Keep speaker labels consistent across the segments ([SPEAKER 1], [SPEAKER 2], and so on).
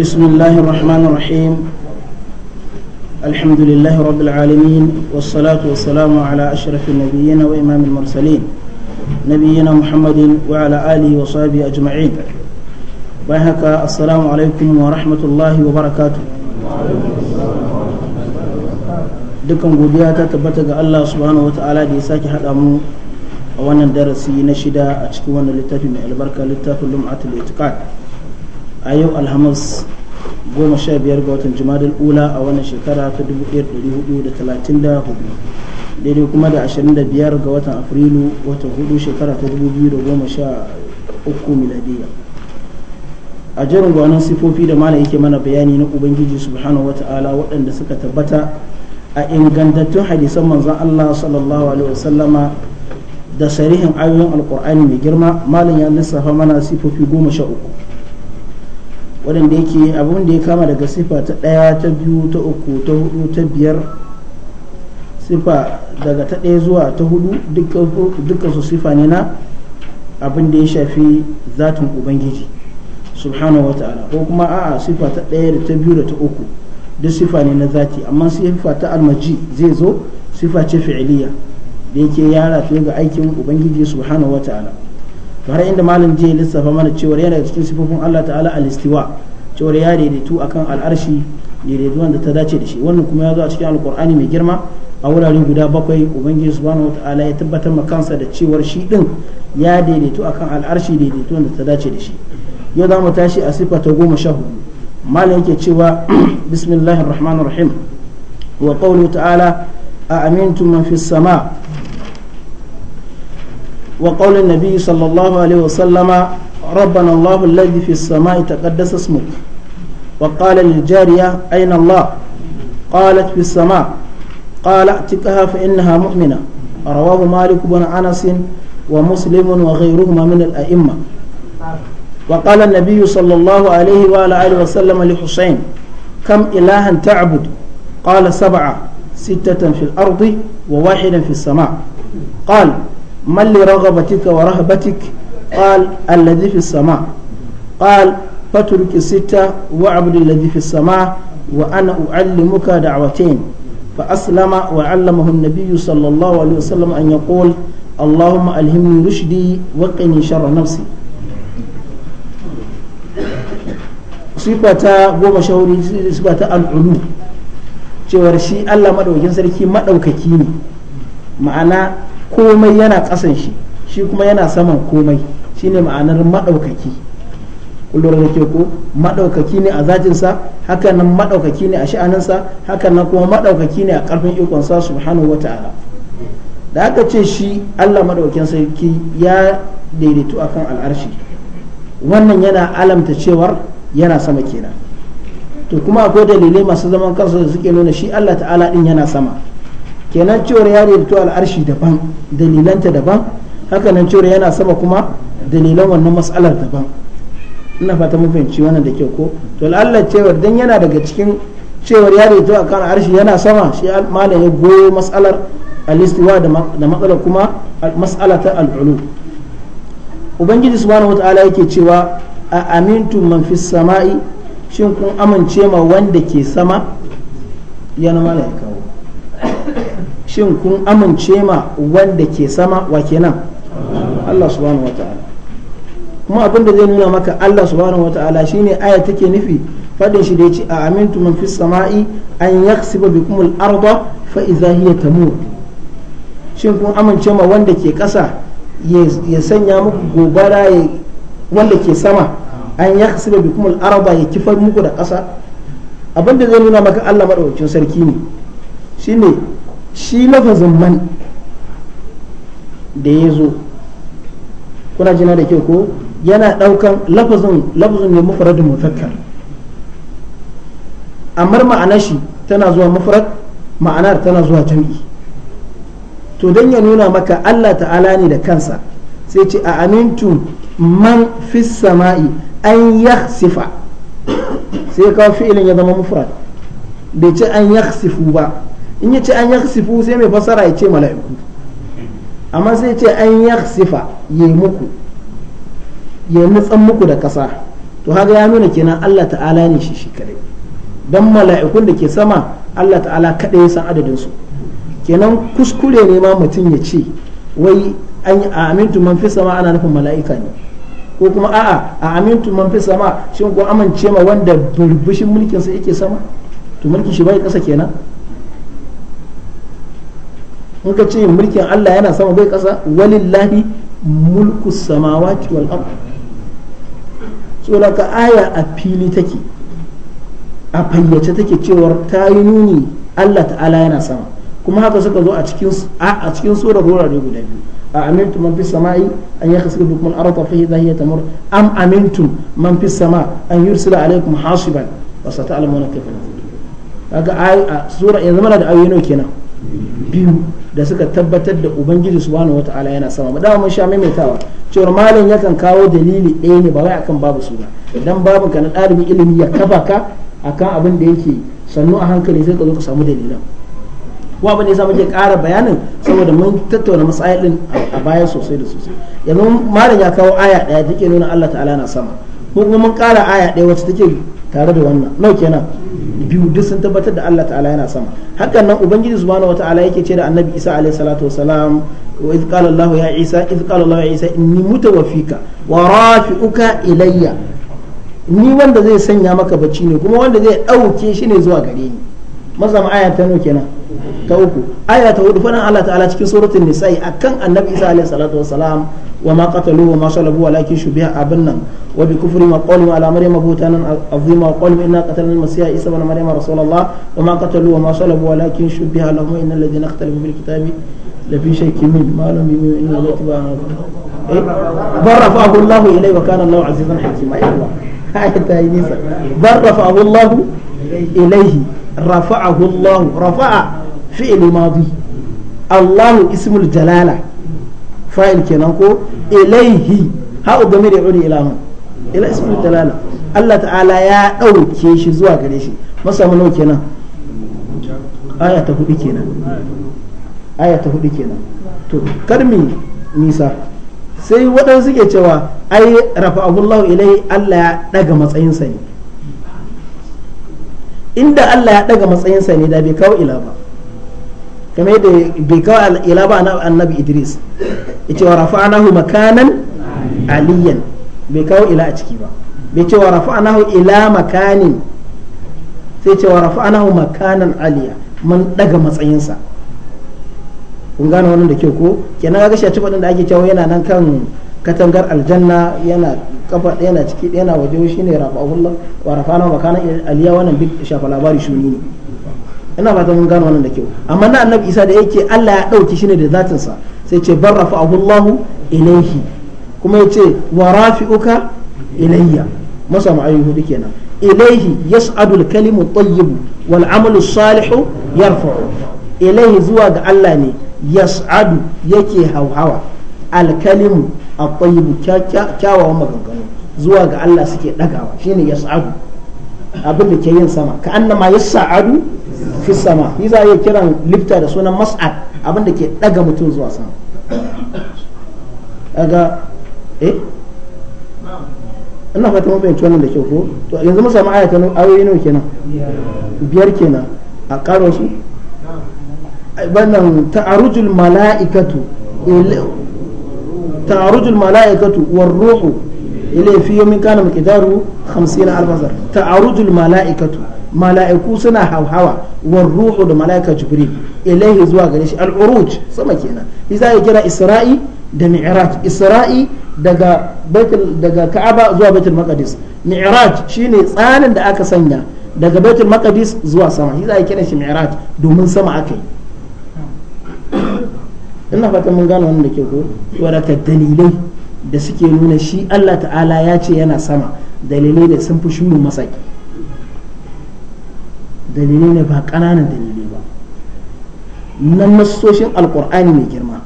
[SPEAKER 1] بسم الله الرحمن الرحيم الحمد لله رب العالمين والصلاة والسلام على أشرف النبيين وإمام المرسلين نبينا محمد وعلى آله وصحبه أجمعين بهك السلام عليكم ورحمة الله وبركاته dukan godiya ta tabbata ga Allah subhanahu wataala da ya sake haɗa mu a wannan darasi na shida a cikin wannan littafi mai albarka littafin lum'atul itiqad a yau alhamis goma sha biyar ga watan jumadal ula a wannan shekara ta 1434 daidai kuma da 25 ga watan afrilu watan hudu shekara ta 2013 miladiya a jerin gwanon sifofi da mana yake mana bayani na ubangiji subhanahu wata'ala waɗanda suka tabbata a ingantattun hadisan manzan allah sallallahu alaihi wasallama da sarihin ayoyin alkur'ani mai girma malam ya lissafa mana sifofi goma sha uku waɗanda yake abin da ya kama daga sifa ta ɗaya ta biyu ta uku ta hudu ta biyar sifa daga ta ɗaya zuwa ta hudu dukkan su sifa ne na abin da ya shafi zatin ubangiji subhanahu ta'ala ko kuma a'a sifa ta ɗaya da ta biyu da ta uku duk sifa ne na zati amma sifa ta almaji zai zo sifa ce fi'iliya da yake yara ga aikin ubangiji subhanahu ta'ala. to har inda malam ji lissafa mana cewa yana cikin sifofin Allah ta'ala al-istiwa cewa ya daidaitu akan al'arshi daidaituwan da ta dace da shi wannan kuma ya zo a cikin alkur'ani mai girma a wurare guda bakwai ubangiji subhanahu wataala ya tabbatar ma kansa da cewar shi din ya daidaitu akan al'arshi daidaitu da ta dace da shi yau za mu tashi a sifa ta goma sha hudu malam yake cewa bismillahir rahmanir rahim wa qawlu ta'ala a amintum man fis وقول النبي صلى الله عليه وسلم ربنا الله الذي في السماء تقدس اسمك وقال للجارية أين الله قالت في السماء قال ائتكها فإنها مؤمنة رواه مالك بن أنس ومسلم وغيرهما من الأئمة وقال النبي صلى الله عليه وآله وسلم لحسين كم إلها تعبد قال سبعة ستة في الأرض وواحدا في السماء قال من لرغبتك ورهبتك قال الذي في السماء قال فترك الستة واعبد الذي في السماء وأنا أعلمك دعوتين فأسلم وعلمه النبي صلى الله عليه وسلم أن يقول اللهم ألهمني رشدي وقني شر نفسي صفة قوم شهوري صفة العلو cewar shi Allah maɗaukin sarki maɗaukaki ne ma'ana komai yana ƙasan shi shi kuma yana saman komai shine ma'anar maɗaukaki kullum da ke ko maɗaukaki ne a zatinsa hakanan maɗaukaki ne a sha'aninsa hakanan kuma maɗaukaki ne a ƙarfin ikonsa subhanahu wa ta'ala da aka ce shi allah maɗaukin sarki ya daidaitu akan al'arshi wannan yana alamta cewar yana sama kenan to kuma akwai dalilai masu zaman kansu da suke nuna shi allah ta'ala din yana sama kenan cewar ya rito al'arshi daban dalilanta daban haka nan cewar yana sama kuma dalilan wannan matsalar daban ina fata mun fahimci wannan da kyau ko to Allah cewar dan yana daga cikin cewar ya rito akan arshi yana sama shi malam ya goyo matsalar al-istiwa da matsalar kuma matsalar ta al-ulu ubangiji subhanahu wataala yake cewa a amintu man fis sama'i shin kun amince ma wanda ke sama yana malaika shin kun amince ma wanda ke sama wa kenan Allah subhanahu wata'ala kuma abin da zai nuna maka Allah subhanahu wata'ala shine aya take nufi fadin shi da yace a amintu man fis sama'i an yaksiba bikum al-arda fa idza hiya tamur shin kun amince ma wanda ke kasa ya sanya muku gobara wanda ke sama an yaksiba bikum al-arda ya kifar muku da kasa abin da zai nuna maka Allah madaukakin sarki ne shine shi lafazin man da ya zo kuna jina da kyau ko yana daukan lafazin lafazin ne mufradin mufakkar amma ma'anar shi tana zuwa mufrad ma'anar tana zuwa jami'i to don ya nuna maka Allah ta'ala ne da kansa sai ce a amintu man fis sama'i an yakhsifa sai kawo fi'ilin ya zama mufrad bai ce an yakhsifu ba in ce an sifu sai mai fasara ya ce mala'iku amma sai ce an ya yi muku ya nutsan muku da ƙasa to haka ya nuna kenan Allah ta'ala ne shi shi kadai don mala'ikun da ke sama Allah ta'ala kadai ya san adadin su kenan kuskure ne ma mutum ya ce wai an yi amintu man fi sama ana nufin mala'ika ne ko kuma a'a a amintu man fi sama shin ko amince ma wanda burbushin mulkin sa yake sama to mulkin shi bai kasa kenan in ka ce mulkin Allah yana sama bai kasa walillahi mulku samawati wal ard saboda ka aya a fili take a fayyace take cewar ta yi nuni Allah ta'ala yana sama kuma haka suka zo a cikin a cikin surar wurare guda biyu a amintum man fi sama'i an tamur am man sama' an hasiban kaga a sura yanzu mana da ayoyi nawa kenan biyu da suka tabbatar da ubangiji subhanahu wataala yana sama mu dama mun sha maimaitawa cewar malam yakan kawo dalili ɗaya ne ba wai akan babu su ba idan babu kana na ɗalibin ilimi ya kafa ka akan abin da yake sannu a hankali sai ka zo ka samu dalilan ko abin da yasa muke ƙara bayanin saboda mun tattauna masayi din a baya sosai da sosai yanzu malam ya kawo aya ɗaya take nuna Allah ta'ala na sama ko kuma mun ƙara aya ɗaya wacce take tare da wannan nau kenan biyu duk sun tabbatar da Allah ta'ala yana sama hakan nan ubangiji subhanahu ta'ala yake ce da annabi isa alayhi salatu wasalam wa idh qala Allah ya isa idh qala Allah ya isa inni mutawaffika wa rafi'uka ilayya ni wanda zai sanya maka bacci ne kuma wanda zai dauke shi ne zuwa gare ni mazam aya ta nuke kenan ta uku aya ta hudu faɗin Allah ta'ala cikin suratul nisa'i akan annabi isa alayhi salatu wasalam وما قتلوه وما صلبوه ولكن شبه أبنا ما قالوا على مريم بوتانا عظيما وقالوا إنا قتلنا المسيح عيسى بن مريم رسول الله وما قتلوه وما صلبوه ولكن شبه لهم إن الذين اختلفوا في الكتاب لفي شيء من ما لم يؤمن إلا الاتباع إيه؟ بر رفعه الله إليه وكان الله عزيزا حكيما يا إيه الله هاي رفعه الله إليه رفعه الله رفع فعل ماضي الله اسم الجلاله fa'il kenan ko ilaihi ha'u game da yuri ilahun ila ismul dalala Allah ta'ala ya ɗauke shi zuwa gare shi masa mu nau kenan aya ta hudu kenan aya ta hudu kenan to karmi nisa sai waɗansu ke cewa ai rafa'ahullahu ilai Allah ya ɗaga sa ne inda Allah ya ɗaga sa ne da bai kawo ila ba kamar yadda bai kawo ila ba annabi idris ce wa anahu makanan aliyan bai kawo ila a ciki ba bai ce wa anahu ila makanin sai ce wa anahu makanan aliya mun daga matsayinsa kun gane wannan da kyau ko kenan ga gashi a cikin da ake cewa yana nan kan katangar aljanna yana kafa yana ciki wa makana aliya wannan shafa labari shuni ne ina ba mun gano wannan da kyau amma na annabi isa da yake Allah ya ɗauki shi ne da zatinsa sai ce barrafa Allahu ilaihi kuma ya ce wa uka ilayya masa ma'ayi hudu kenan ilaihi yas'adul kalimu tayyibu wal amalu salihu yarfa'u ilaihi zuwa ga Allah ne yas'adu yake hauhawa al kalimu at-tayyibu kyawawan maganganu zuwa ga Allah suke dagawa shine yas'adu abin da ke yin sama ka annama yas'adu fi sama yi za a kiran lifta da sunan mas'ad abinda ke daga mutum zuwa sama aga eh ina fata wannan da kyau ko to yanzu mun samu ayoyi nawa kenan biyar kenan a karo su wannan ta'arujul mala'ikatu ta'arujul mala'ikatu war ruhu fi yawmin kana miqdaru 50 alf ta'arujul mala'ikatu mala'iku suna hauhawa war ruhu da mala'ika jibril ilaihi zuwa gare shi al'uruj sama kenan isa ya kira isra'i da mi'raj isra'i daga baitul daga ka'aba zuwa baitul maqdis mi'raj shine tsanin da aka sanya daga baitul maqdis zuwa sama shi za a kira shi mi'raj domin sama akai ina fatan mun gano wannan da ke ko wadata dalilai da suke nuna shi Allah ta'ala ya ce yana sama dalilai da sun fi shuru masaki dalilai ne ba ƙananan dalilai ba na nassoshin alkur'ani mai girma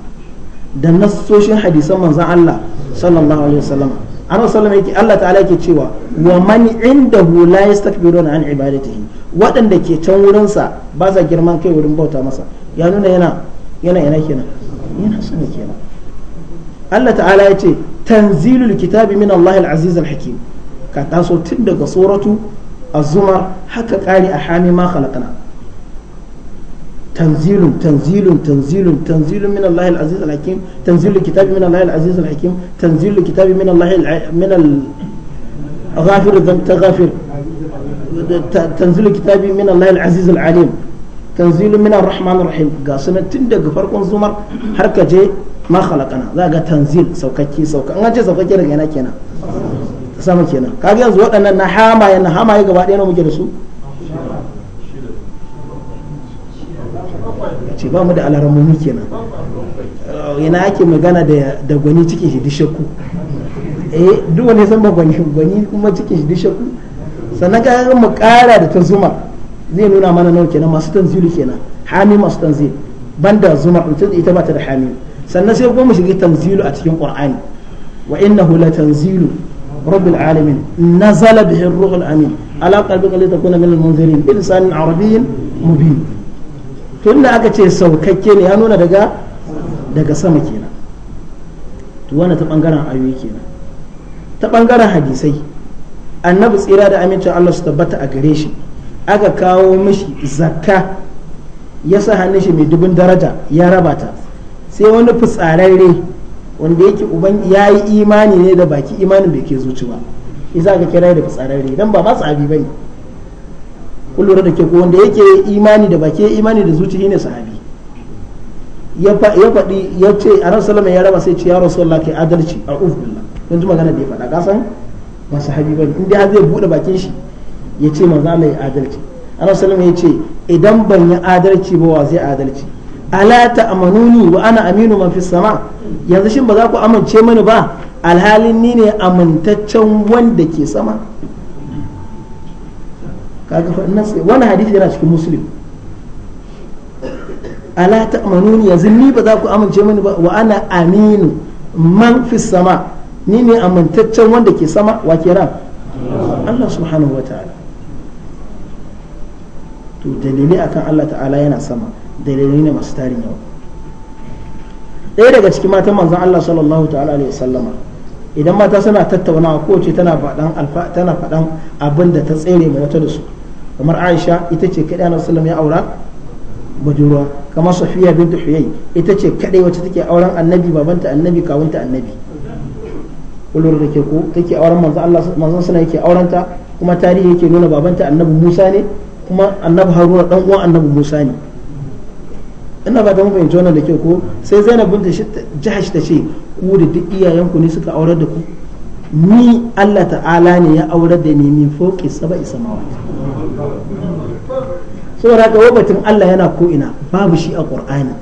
[SPEAKER 1] da nassoshin hadisan manzan Allah sallallahu alaihi wasallam an sallama yake Allah ta'ala yake cewa wa man indahu la yastakbiruna an ibadatihi waɗanda ke can wurinsa ba sa girman kai wurin bauta masa ya nuna yana yana yana kenan yana sama kenan Allah ta'ala ya ce tanzilul kitabi min Allah al-aziz hakim ka taso tun daga suratu الزمر حتى قاري أحامي ما خلقنا تنزيل تنزيل تنزيل تنزيل من الله العزيز الحكيم تنزيل الكتاب من الله العزيز الحكيم تنزيل الكتاب من الله من الغافر الذنب تغافر تنزيل الكتاب من الله العزيز العليم تنزيل من الرحمن الرحيم قاسنا تندق فرق زمر حركة جي ما خلقنا ذاك تنزيل سوكاكي سوكا أنا جي سوكاكي رجعنا كينا sama kenan kaga yanzu waɗannan na hamaye na hamaye gaba ɗaya na muke da su ce ba mu da alaramomi kenan yana eh, ake magana da gwani cikin shi dishakku eh duk wani san ba gwani gwani kuma cikin shi dishakku sannan ka mu ƙara da ta zuma zai nuna mana nau kenan masu tanzili kenan hami masu tanzil banda zuma ita ba ta da hami sannan sai kuma mu shiga tanzilu a cikin qur'ani wa innahu la tanzilu رب العالمين نزل به الروح الأمين على قلبك لتكون من المنذرين بلسان عربي مبين tun da aka ce saukakke ne ya nuna daga daga sama kenan to wanda ta bangaren ayoyi kenan ta bangaren hadisai annabi tsira da amincin Allah su tabbata a gare shi aka kawo mashi zakka ya sa hannun shi mai dubin daraja ya raba ta sai wani fitsararre wanda yake uban ya yi imani ne da baki imanin bai ke zuci ba isa ka kira da fitsararre dan ba masu abi bane kun lura da ke ko wanda yake imani da baki imani da zuci shine sahabi ya faɗi ya ce a nan salama ya raba sai ce ya Allah kai adalci a ufbillah yanzu magana da ya faɗa kasan ba sahabi bane inda ya zai buɗe bakin shi ya ce manzo Allah ya adalci a nan salama ya ce idan ban yi adalci ba wa zai adalci ala ta'manuni wa ana aminu man fi sama yanzu shin ba za ku amince mani ba alhalin ni ne amintaccen wanda ke sama kaga fa nan sai hadisi yana cikin muslim ala ta'manuni yanzu ni ba za ku amince mani ba wa ana aminu man fi sama ni ne amintaccen wanda ke sama wa kiran Allah subhanahu wa ta'ala to dalili akan Allah ta'ala yana sama dalilai ne masu tarin yau ɗaya daga cikin matan manzan Allah sallallahu ta'ala alaihi sallama idan mata suna tattaunawa kowace tana faɗan tana faɗan abin da ta tsere mai wata da su kamar Aisha ita ce kaɗai Annabi sallallahu ya aura budurwa kamar Safiya bint Huyay ita ce kaɗai wacce take auren Annabi babanta Annabi kawunta Annabi kullum da ke ku take auren manzan Allah manzan suna yake aurenta kuma tarihi yake nuna babanta Annabi Musa ne kuma Annabi Haruna dan uwan Annabi Musa ne ina ba ta mu fahimci wannan da ke ko sai zainab binta jahash ta ce ku da duk iyayenku ne suka aurar da ku ni Allah ta'ala ne ya aurar da ni min fauki saba'i samawati saboda wabatin Allah yana ko ina babu shi a Qur'ani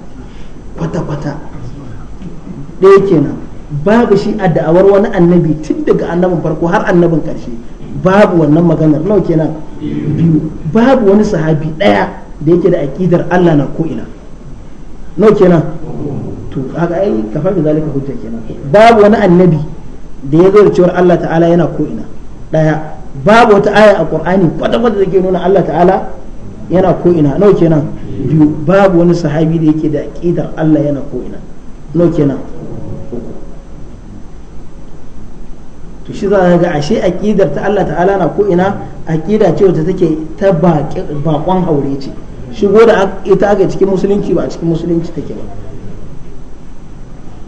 [SPEAKER 1] kwata kwata ɗaya kenan babu shi a da'awar wani annabi tun daga annabin farko har annabin karshe babu wannan maganar nawa kenan biyu babu wani sahabi ɗaya da yake da aƙidar Allah na ko'ina n'o kenan to haka ai kafa bi zalika hujja kenan babu wani annabi da ya zo da cewar Allah ta'ala yana ko ina daya babu wata aya a qur'ani kwata kwata da ke nuna Allah ta'ala yana ko ina n'o kenan biyu babu wani sahabi da yake da aqidar Allah yana ko ina n'o kenan to shi za ga ashe aqidar ta Allah ta'ala na ko ina aqida ce wata take ta baƙon haure ce shigo da ita ga cikin musulunci ba a cikin musulunci take ba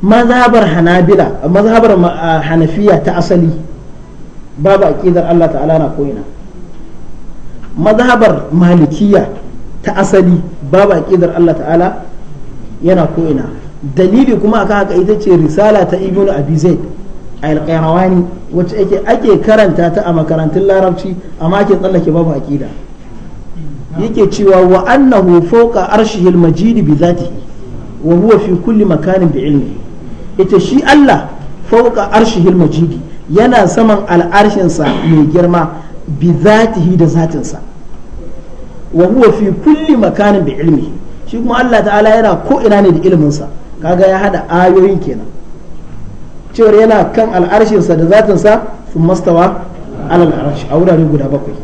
[SPEAKER 1] mazhabar hanabila mazhabar hanafiya ta asali babu aqidar Allah ta'ala na koyina mazhabar malikiya ta asali babu aqidar Allah ta'ala yana koyina dalili kuma aka haka ita ce risala ta ibnu abi zaid al-qayrawani wacce ake ake karanta ta a makarantun larabci amma ake tsallake babu aqida yake cewa wa annahu fawqa arshihil majid bi zatihi wa huwa fi kulli makanin bi ilmi ita shi Allah fawqa arshihil majid yana saman sa mai girma bi zatihi da zatinsa wa huwa fi kulli makanin bi ilmi shi kuma Allah ta'ala yana ko ina ne da sa kaga ya hada ayoyin kenan cewar yana kan sa da zatinsa sun mastawa alal arshi a wurare guda bakwai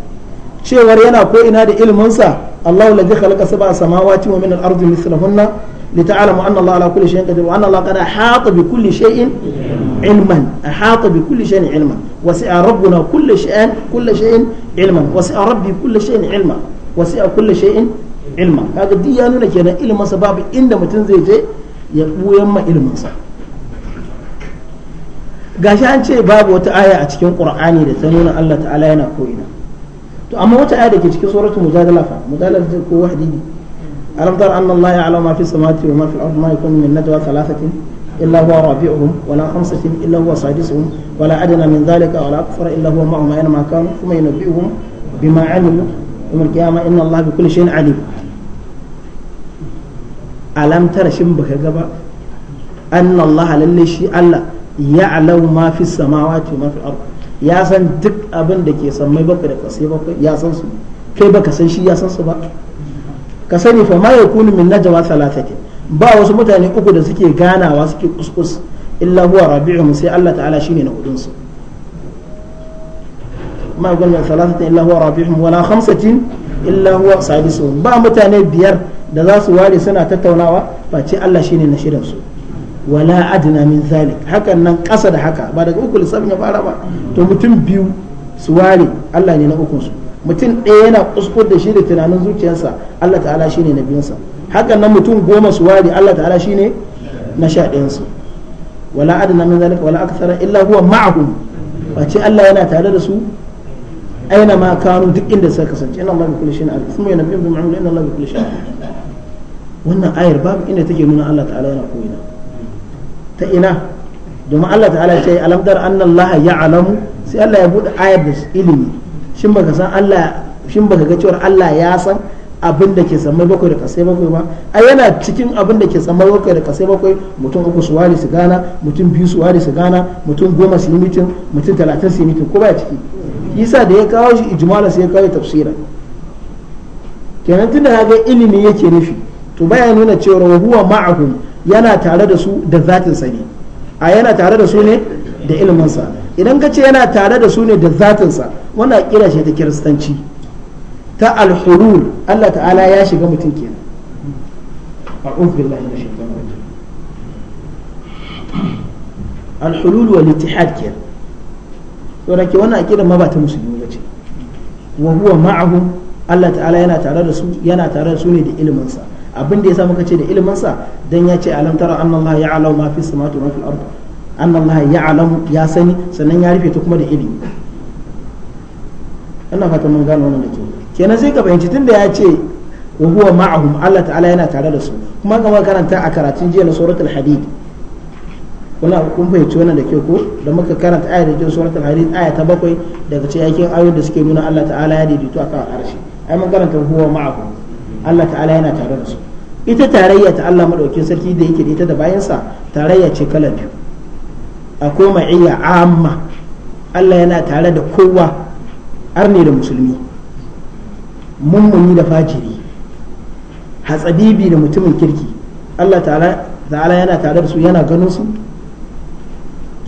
[SPEAKER 1] cewar yana ko ina da ilminsa Allah alladhi khalaqa sab'a samawati wa min al-ardi mithlahunna lita'lamu anna Allah ala kulli shay'in qadir wa anna Allah qad ahata bi kulli shay'in ilman ahata bi kulli shay'in ilman wasi'a rabbuna kulli shay'in kulli shay'in ilman wasi'a rabbi kulli shay'in ilman wasi'a kulli shay'in ilma kaga duk ya nuna kenan ilminsa babu inda mutum zai je ya buyan ma ilminsa gashi an ce babu wata aya a cikin qur'ani da ta nuna Allah ta'ala yana ko'ina to amma wata aya da ke cikin suratul mujadala fa mujadala ko wahdi ne alam tara anna allaha ya'lamu ma fi samawati wa ma fil ardi ma yakunu min najwa thalathatin illa huwa rabi'uhum wa la khamsatin illa huwa sadisuhum wa la adna min dhalika wa la akthara illa huwa ma'ahum aina ma kanu kuma yunabbi'uhum bima 'amilu yawm al-qiyamah inna allaha bi kulli shay'in 'alim alam tara shin baka ga ba anna allaha lalle shi allah ya'lamu ma fi samawati wa ma fil ardi ya san duk abin da ke mai bakwai da kasai bakwai ya san su kai baka san shi ya san su ba ka sani fa ma yakunu min najwa thalathatin ba wasu mutane uku da suke ganawa suke kuskus illa huwa mu sai Allah ta'ala shine na hudun su ma yakunu min thalathatin illa huwa mu wala khamsatin illa huwa sadisuhum ba mutane biyar da za su ware suna tattaunawa ce Allah shine na shirin su wala adna min zalik hakan nan ƙasa da haka ba daga uku lissafin ya fara ba to mutum biyu su ware Allah ne na ukun su mutum ɗaya yana kuskur da shi da tunanin zuciyarsa Allah ta'ala shine na biyunsa hakan nan mutum goma su ware Allah ta'ala shine na sha ɗayansu wala adna min zalika wala akthara illa huwa ma'ahum wace Allah yana tare da su aina ma kanu duk inda suka kasance inna Allah bi kulli shay'in alim kuma yana bi ma'amul inna Allah bi kulli shay'in wannan ayar babu inda take nuna Allah ta'ala yana koyina ta ina domin Allah ta'ala ce alamdar annan laha ya alamu sai Allah ya buɗe ayar da ilimi shin baka san Allah shin baka ga cewar Allah ya san abin da ke samai bakwai da kasai bakwai ba a yana cikin abin da ke samai bakwai da kasai bakwai mutum uku su wari su gana mutum biyu su wari su gana mutum goma su yi mitin mutum talatin su yi mitin ko ba ciki yasa da ya kawo shi ijmala sai ya kawo tafsira kenan tunda ya ga ilimi yake nufi to baya nuna cewa wa huwa ma'ahum yana tare da su da zatin sa ne a yana tare da su ne da ilimin sa idan ka ce yana tare da su ne da zatin sa wannan aqida ta kiristanci ta alhulul Allah ta'ala ya shiga mutum kenan a'udhu billahi minash shaitanir rajim da ke wannan aqida ma ba ta musulmi ba ce wa huwa ma'ahum Allah ta'ala yana tare da su ne da abin da ya muka ce da ilimin sa dan ya ce alam tara anna Allah ya'lamu ma fi samawati wa fil ard anna Allah ya'lamu ya sani sannan ya rufe ta kuma da ilimi ina fata mun gano wannan da ke. kenan sai ka tun tunda ya ce wa huwa ma'ahum Allah ta'ala yana tare da su kuma kamar karanta a karatun jiya na suratul hadid kuna kun fahimci wannan da ke ko da muka karanta ayar da na suratul hadid aya ta bakwai daga cikin ayoyin da suke nuna Allah ta'ala ya daidaito akan arshi ai mun karanta huwa ma'ahum Allah ta'ala yana tare da su ita tarayya ta Allah madaukakin sarki da yake da ita da bayansa tarayya ce kala biyu akwai ma'iyya amma Allah yana tare da kowa arne da musulmi mummuni da fajiri hatsabibi da mutumin kirki Allah ta'ala yana tare da su yana ganin su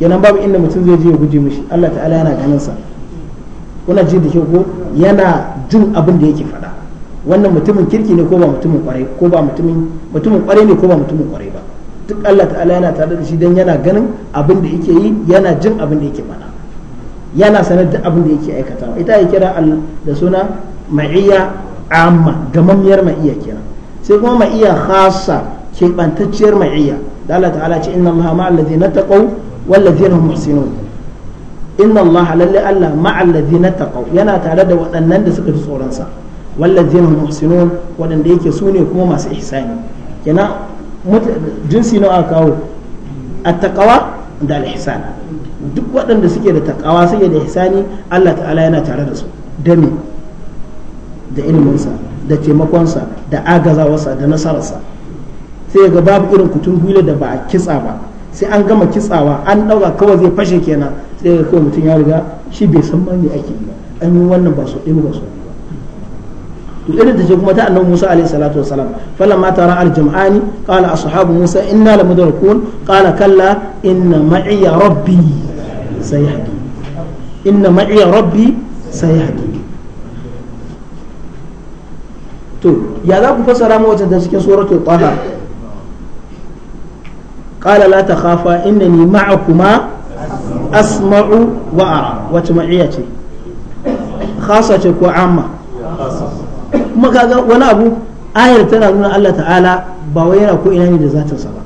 [SPEAKER 1] kenan babu inda mutum zai je ya guje mishi Allah ta'ala yana ganin sa kuna ji da kyau ko yana jin abin da yake faɗa wannan mutumin kirki ne ko ba mutumin kwarai ko ba mutumin mutumin kwarai ne ko ba mutumin kwarai ba duk Allah ta'ala yana tare da shi dan yana ganin abin da yake yi yana jin abin da yake faɗa yana sanar da abin da yake aikatawa ita ya kira da suna ma'iyya amma gamammiyar ma'iyya kenan sai kuma ma'iyya khassa keɓantacciyar ma'iyya da Allah ta'ala ce inna Allah ma'al ladzina taqaw wal ladzina hum muhsinun inna Allah lalle Allah ma'al ladzina taqaw yana tare da waɗannan da suka ji tsoron sa wallazina hum muhsinun wadanda yake su ne kuma masu ihsani kenan jinsi nawa kawo at-taqwa da al duk waɗanda suke da takawa suke da ihsani Allah ta'ala yana tare da su da da iliminsa da taimakonsa da agazawarsa da nasararsa sai ga babu irin kutun hula da ba a kitsa ba sai an gama kitsawa an ɗauka kawai zai fashe kenan sai ga kawai mutum ya riga shi bai san ma ake yi an yi wannan ba su ɗin ba su to irin ta ce kuma ta annabi Musa alaihi salatu wasalam falamma tara al-jam'ani qala ashabu Musa inna lamudrakun qala kalla inna ma'i rabbi sayahdi inna ma'i rabbi sayahdi to ya za ku fassara mu wacce da cikin suratul taha قال لا تخافا إنني معكما أسمع وأرى وتمعيتي خاصة وعامة kuma kaga wani abu ayar tana nuna Allah ta'ala ba wai yana ko ina ne da zatin sa ba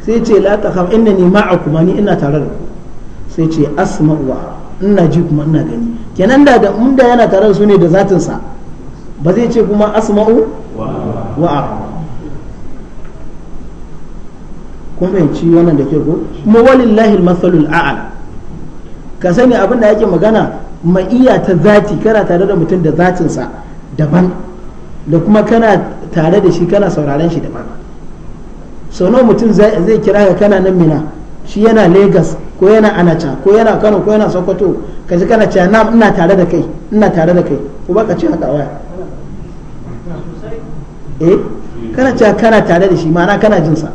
[SPEAKER 1] sai ce la takhaf innani ma'akum ani ina tare da ku sai ce asma'u wa ina ji kuma ina gani kenan da da mun da yana tare da su ne da zatin sa ba zai ce kuma asma'u wa wa kun fahimci wannan da ke ko kuma walillahi al-masalul a'la ka sani abin da yake magana ma'iya ta zati kana tare da mutum da zatin sa daban da kuma kana tare da shi kana sauraren shi daban sau mutum zai kira ka kana nan mina shi yana lagos ko yana anacha ko yana kano ko yana sokoto ka ji kana cewa na ina tare da kai ina tare da kai ko baka ce haka waya eh kana cewa kana tare da shi ma'ana kana jin sa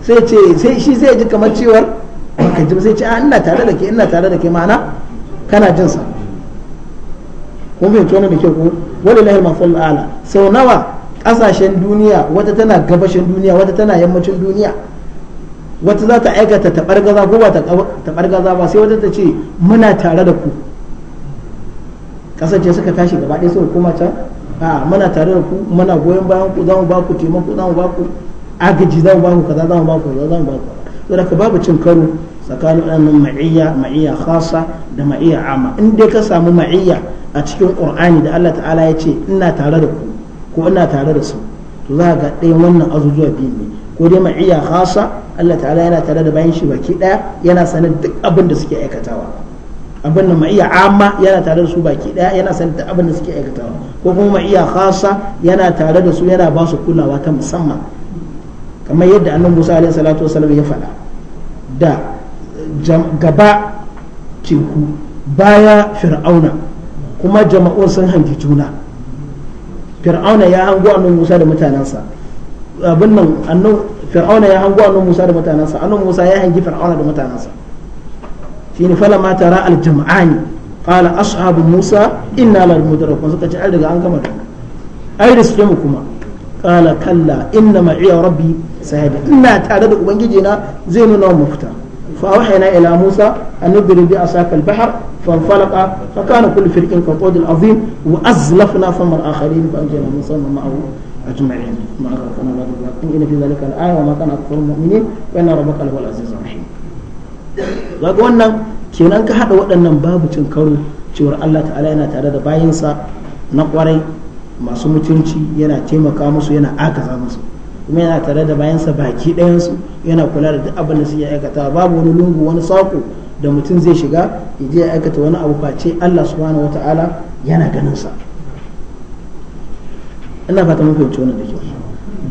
[SPEAKER 1] sai ce sai shi zai ji kamar cewar ka ji sai ce a ah, ina tare da kai ina tare da kai ma'ana kana jin sa kun fahimci wannan da ke ko wani lahir masu ala sau nawa kasashen duniya wata tana gabashin duniya wata tana yammacin duniya wata za ta aikata taɓar gaza ko ba taɓar gaza ba sai wata ta ce muna tare da ku kasance suka tashi gaba ɗaya suka koma can a muna tare da ku muna goyon bayan ku za mu ba ku taimako za mu ba ku agaji za mu ba ku kaza za mu ba ku kaza za mu ba ku da ka babu cin karo tsakanin wannan ma'iyya ma'iyya khasa da ma'iyya amma in dai ka samu ma'iyya a cikin qur'ani da Allah ta'ala ya ce ina tare da ku ko ina tare da su to za ga ɗaya wannan azuzuwa biyu ne ko dai ma'iya khasa Allah ta'ala yana tare da bayan shi baki ɗaya yana sanar duk abin da suke aikatawa abin da ma'iya amma yana tare da su baki ɗaya yana sanar duk abin da suke aikatawa ko kuma ma'iya khasa yana tare da su yana ba su kulawa ta musamman kamar yadda annabi Musa alaihi salatu wasallam ya faɗa da gaba teku baya fir'auna kuma jama'un sun hangi juna fir'auna ya hango annabi Musa da mutanansa abin nan annon fir'auna ya hango annabi Musa da mutanansa annon Musa ya hangi fir'auna da mutanansa shine falamma tara al-jam'ani qala ashabu Musa inna la mudrakun suka ce an daga an gama da ai da su mu kuma qala kalla inna ma'iya rabbi sayyid ina tare da ubangiji na zai nuna mu mafita فأوحينا إلى موسى أن نضرب بعصاك البحر فانفلق فكان كل فرق كالطود العظيم وأزلفنا ثم الآخرين فأنجينا موسى معه أجمعين ما أغرقنا بعد إن في ذلك الآية وما كان أكثر المؤمنين وإن ربك لهو العزيز الرحيم ga wannan kenan ka hada waɗannan babu cin karo cewar Allah ta'ala yana tare da bayinsa na kwarai masu mutunci yana taimaka musu yana agaza musu kuma yana tare da bayansa baki ɗayansu yana kula da duk abin da suke aikata babu wani lungu wani saƙo da mutum zai shiga ya je ya aikata wani abu face Allah subhanahu wata'ala yana ganin sa Allah fata mun fahimci da kyau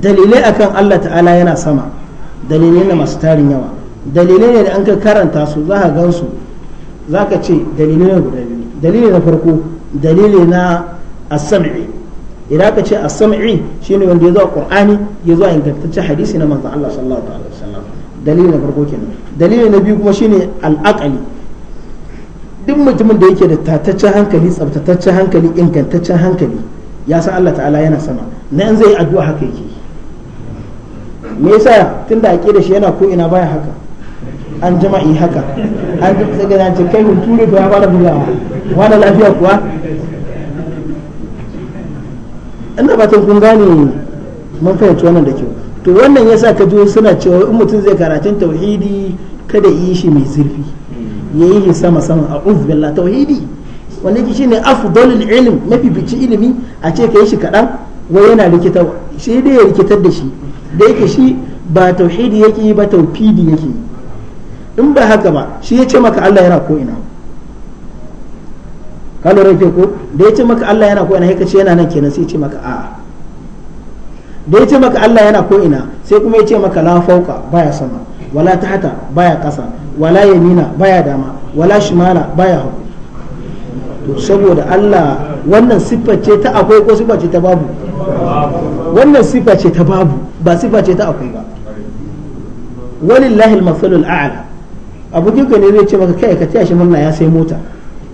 [SPEAKER 1] dalilai akan Allah ta'ala yana sama dalilai na masu tarin yawa dalilai ne da an ka karanta su za ka gan za ka ce dalilai ne guda biyu dalili na farko dalili na as-sam'i idan ka ce as-sam'i shine wanda ya zo qur'ani ya zo ingantaccen hadisi na manzon Allah sallallahu alaihi wasallam dalili na farko kenan dalili na biyu kuma shine al-aqli duk mutumin da yake da tataccen hankali tsabtataccen hankali ingantaccen hankali ya san Allah ta'ala yana sama na in zai addu'a haka yake me yasa tunda aqida shi yana ko ina baya haka an jama'i haka an duk daga nan ce kai hunturu ba ya fara bugawa wani lafiya kuwa ina fatan kun gane mun fahimci wannan da kyau to wannan yasa ka ji suna cewa in mutum zai karatun tauhidi kada yi shi mai zurfi ya yi sama sama a bella tauhidi wannan ki afu dolin ilim mafi bici ilimi a ce ka yi shi kaɗan wai yana rikita sai dai ya rikitar da shi da yake shi ba tauhidi yake yi ba tauhidi yake yi in ba haka ba shi ya ce maka Allah yana ko ina ka lura ke ko da ya ce maka Allah yana ko ina sai ka ce yana nan kenan sai ya ce maka a'a da ya ce maka Allah yana ko ina sai kuma ya ce maka la fauka baya sama wala tahta baya kasa wala yamina baya dama wala shimala baya hagu to saboda Allah wannan siffa ce ta akwai ko siffa ce ta babu wannan siffa ce ta babu ba siffa ce ta akwai ba walillahi al-mathalul a'la abu duka ne zai ce maka kai ka tashi murna ya sai mota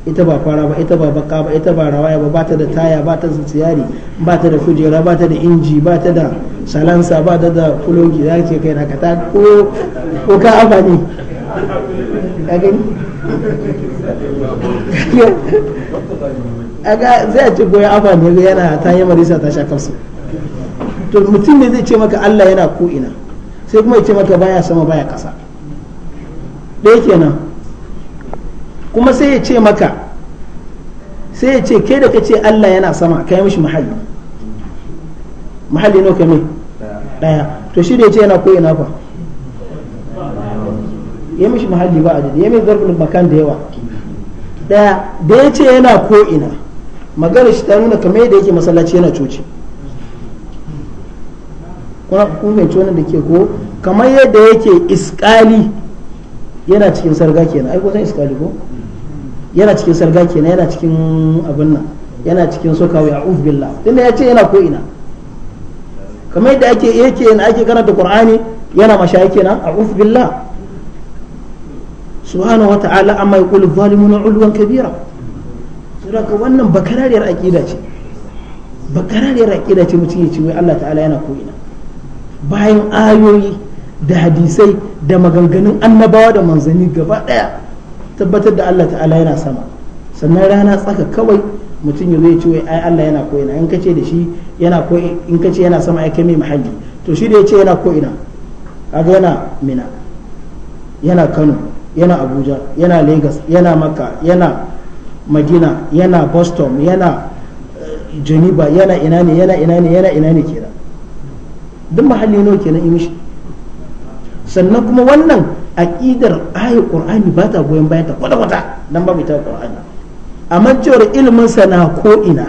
[SPEAKER 1] ita ba fara ba ita ba baka ba ita ba rawaya ba bata da taya bata da tsiyari bata da kujera bata da inji bata da salansa bata da kulogi za ce kai naka ta ko ka aba ne aga zai ce goyon afa ne yana ta yi marisa ta sha kafsu to mutum ne zai ce maka Allah yana ko ina sai kuma ya ce maka baya sama baya kasa ɗaya kenan kuma sai ya ce maka sai ya ce ke da kace Allah yana sama kai mishi mahalli mahalli nawa kai mai daya to shi da ya ce yana ko ina fa ya mishi mahalli ba a adadi ya mai zarfin makan da yawa daya da ya ce yana ko ina magana shi ta nuna kamar yadda yake masallaci yana coci kun fahimci wannan da ke ko kamar yadda yake iskali yana cikin sarga kenan ai ko san iskali ko yana cikin sarga kenan yana cikin abin nan yana cikin sokawi a uf billah tunda ya ce yana ko ina kamar yadda ake yake yana ake karanta qur'ani yana mashaya kenan a uf billah subhanahu wata'ala amma yaqulu zalimuna ulwan kabira saboda wannan bakarariyar aqida ce bakarariyar aqida ce mutum ya ce wai Allah ta'ala yana ko ina bayan ayoyi da hadisai da maganganun annabawa da manzanni gaba daya tabbatar da Allah ta'ala yana sama sannan rana tsaka kawai mutum ya zai ce wai ai Allah yana ko'ina in kace da shi yana ko in kace yana sama ai kai mai mahalli to shi da ce yana ko'ina a kaga yana Mina yana Kano yana Abuja yana Lagos yana Makka yana Madina yana Boston yana eh, Geneva yana ina ne yana ina ne yana ina ne kenan duk mahalli nawa kenan in shi sannan kuma wannan aƙidar ayi ƙur'ani ba ta goyon bayan ta kwata-kwata don ba mu ita ƙur'ani amma cewar ilimin sana ko ina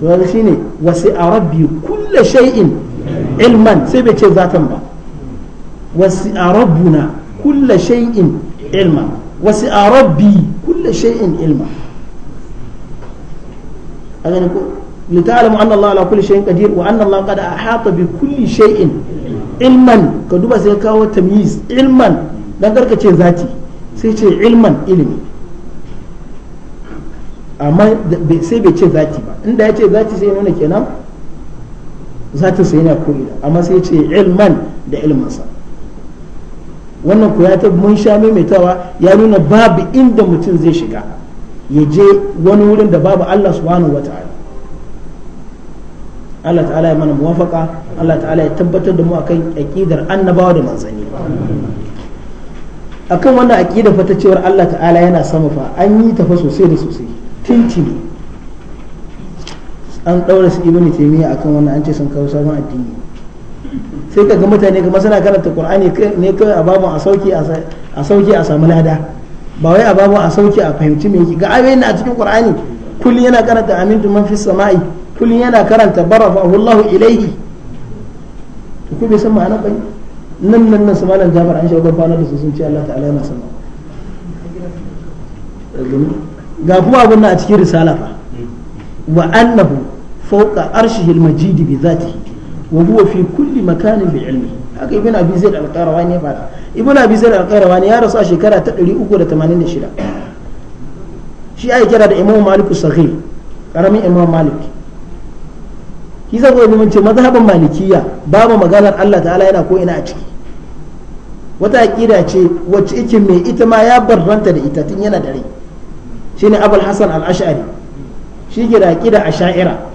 [SPEAKER 1] to yanzu shine wasi a rabbi kulle shay'in ilman sai bai ce zatan ba wasi a rabbuna kulle shay'in ilman wasi a rabbi kulle shay'in ilman a gani ko لتعلم أن الله على كل شيء قدير وأن الله قد أحاط بكل شيء ilman ka duba sai kawo tamyiz ilman dan karkace zati sai ce ilman ilimi amma sai bai ce zati ba inda ya ce zati sai nuna kenan zatin sai yana kuri amma sai ce ilman da ilmansa wannan ku ya ta mun sha maimaitawa ya nuna babu inda mutum zai shiga ya je wani wurin da babu Allah subhanahu wata'ala Allah ta'ala ya mana muwafaka Allah ta'ala ya tabbatar da mu akan aqidar annabawa da manzanni akan wannan aqida fa ta cewa Allah ta'ala yana sama fa an yi ta fa sosai da sosai tintini an daura su ibnu taymiya akan wannan an ce sun kawo sabon addini sai ka ga mutane kamar suna karanta qur'ani ne kawai a babu a sauki a sauki a samu lada ba wai a babu a sauki a fahimci me yake ga ayoyin a cikin qur'ani kullum yana karanta amintu man fis sama'i kullum yana karanta barafa Allahu ilaihi to ku bai san ma'ana ba nan nan nan su malam Jabir an shawo gabana da su sun ce Allah ta'ala yana sama ga kuma abin a cikin risala fa wa annahu fawqa arshihil majid bi zatihi wa huwa fi kulli makanin bi ilmihi haka ibn abi zaid al-qarawani ya fada ibn abi zaid al-qarawani ya rasu a shekara ta 386 shi ai kira da imam malik sahih karamin imam malik shi zan koyi mun ce mazhaban malikiya babu maganar Allah ta'ala yana ko ina a ciki wata aqida ce wacce yake mai ita ma ya barranta da ita tun yana da rai shine Abul Hasan al-Ash'ari shi ke da aqida asha'ira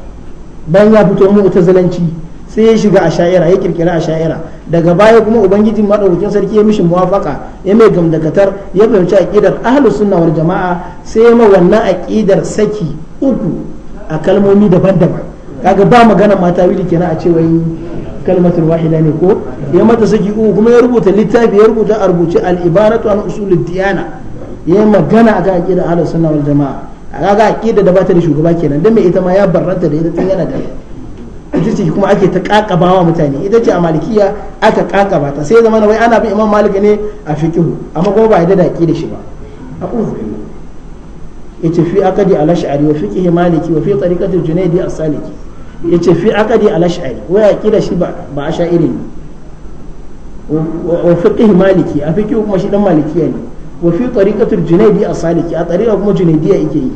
[SPEAKER 1] bayan ya fito mu zalanci sai ya shiga asha'ira ya kirkira asha'ira daga baya kuma ubangiji madaukakin sarki ya mishi muwafaka ya mai gamdakatar ya fahimci aqidar ahlus sunna wal jama'a sai ya ma wannan aqidar saki uku a kalmomi daban-daban kaga ba magana mata wili kenan a cewa wai kalmatul wahida ne ko ya mata saki uku kuma ya rubuta littafi ya rubuta a rubuce al an usulid diyana ya magana akan aqida ahlus sunna wal jamaa kaga aqida da bata da shugaba kenan dan me ita ma ya barranta da ita tun yana da ita ce kuma ake ta kakabawa mutane ita ce a malikiya aka kakaba ta sai zama wai ana bin imam malik ne a fiqhu amma kuma ba yadda da aqida shi ba a yace fi aqdi al-ash'ari wa fiqhi maliki wa fi tariqati junaidi as-saliki ya ce fi akadi ala ashari wa ya kila shi ba a sha'iri ne wa fiqh maliki a fiqh kuma shi dan malikiya ne wa fi tariqatul junaidi a saliki a tariqa kuma junaidiya yake yi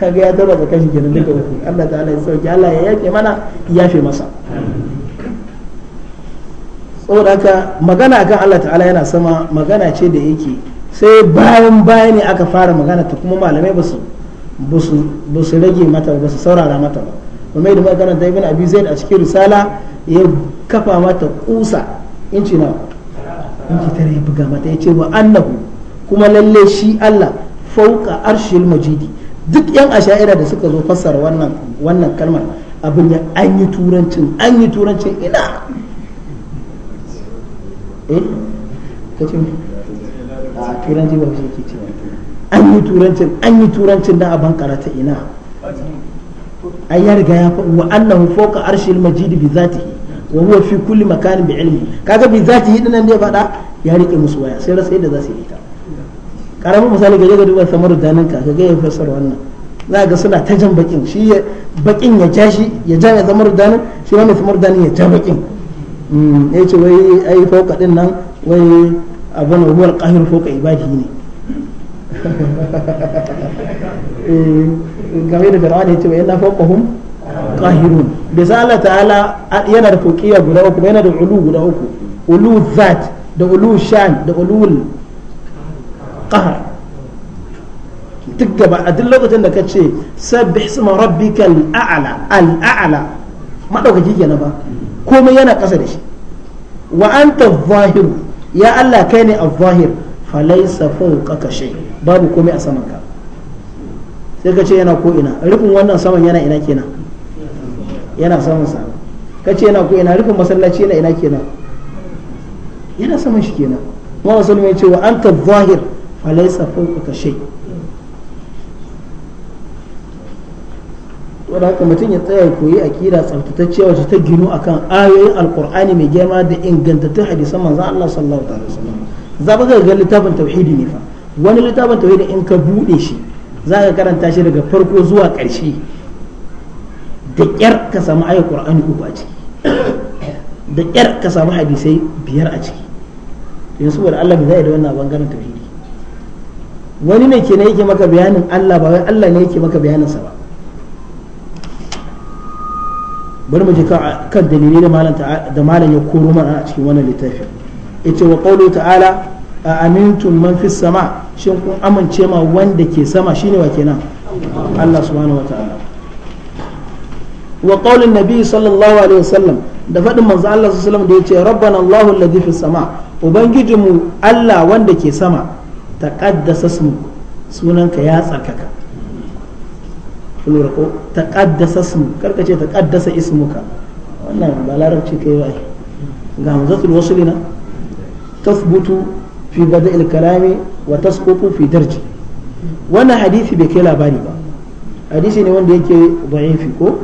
[SPEAKER 1] kaga ya daba zaka shi kenan duka uku Allah ta'ala ya sauke Allah ya yake mana ya yafe masa saboda magana kan Allah ta'ala yana sama magana ce da yake sai bayan bayan ne aka fara magana ta kuma malamai ba su rage mata ba su saurara mata ba mai da magana da ibn abi zaid a cikin risala ya kafa mata kusa inci na inci tare ya buga mata yace wa annahu kuma lalle shi Allah fauka arshil majidi duk yan asha'ira da suka zo fassara wannan wannan kalmar abin ya an yi turancin an yi turancin ina eh kace a turanci ba shi ke cewa an yi turancin an yi turancin dan aban karata ina ai ya riga ya faɗi wa annahu fawqa arshil majid bi zatihi wa huwa fi kulli makanin bi ilmi kaga bi zatihi dinan da ya faɗa ya rike musu waya sai rasa yadda za su yi ta karamin misali gaje ga duba samar da nan ka ga ya fassara wannan za ga suna ta jan bakin shi bakin ya ja shi ya ja ya zama rudanin shi ma mai samar danin ya ja bakin mm, ya ce wai ai fawqa din nan wai abin huwar qahir fawqa ibadihi ne game eh, da fir'auna yace wa inna fawqahum qahirun bai san Allah ta'ala yana da fawqiyya guda uku yana da ulu guda uku ulu zat da ulu shan da ulu qahar duk gaba a duk lokacin da ka ce sabbih isma rabbika al-a'la al-a'la madaukaki kenan ba komai yana kasa da shi wa anta zahiru ya Allah kai ne al-zahir falaisa fawqaka shay babu komai a saman ka sai ka ce yana ko ina rufin wannan saman yana ina kenan yana saman sa ka ce yana ko ina rufin masallaci yana ina kenan yana saman shi kenan ma wasallam ya ce wa anta zahir falaisa fawqaka shay wadda haka mutum ya tsaya koyi akida tsaftatacciya wacce ta ginu akan ayoyin alkur'ani mai girma da ingantattun hadisan manzon Allah sallallahu alaihi wasallam za ka ga littafin tauhidi ne fa wani littafin tauhidi in ka bude shi za ka karanta shi daga farko zuwa ƙarshe da ƙyar ka samu ayat qur'ani uku a ciki da ƙyar ka samu hadisai biyar a ciki yanzu saboda Allah bai da wannan bangaren tauhidi wani ne ke yake maka bayanin Allah ba wai Allah ne yake maka bayanin sa ba bari mu je kan dalilai da malam ya koro mana a cikin wannan littafin yace wa qawlu ta'ala a amintum man fis sama shin kun amince ma wanda ke sama shine wa kenan Allah subhanahu wa ta'ala wa qawlin nabi sallallahu alaihi wasallam da faɗin manzo Allah sallallahu alaihi wasallam da yace rabbana Allahu alladhi fis sama ubangijinmu Allah wanda ke sama taqaddasa smu sunanka ya tsarkaka lura ko taqaddasa smu karka ce taqaddasa ismuka wannan ba larabci kai ba ga hamzatul wasulina تثبت في بدء الكلام وتسقط في درجه wannan hadisi bai kai labari ba hadisi ne wanda yake da'ifi ko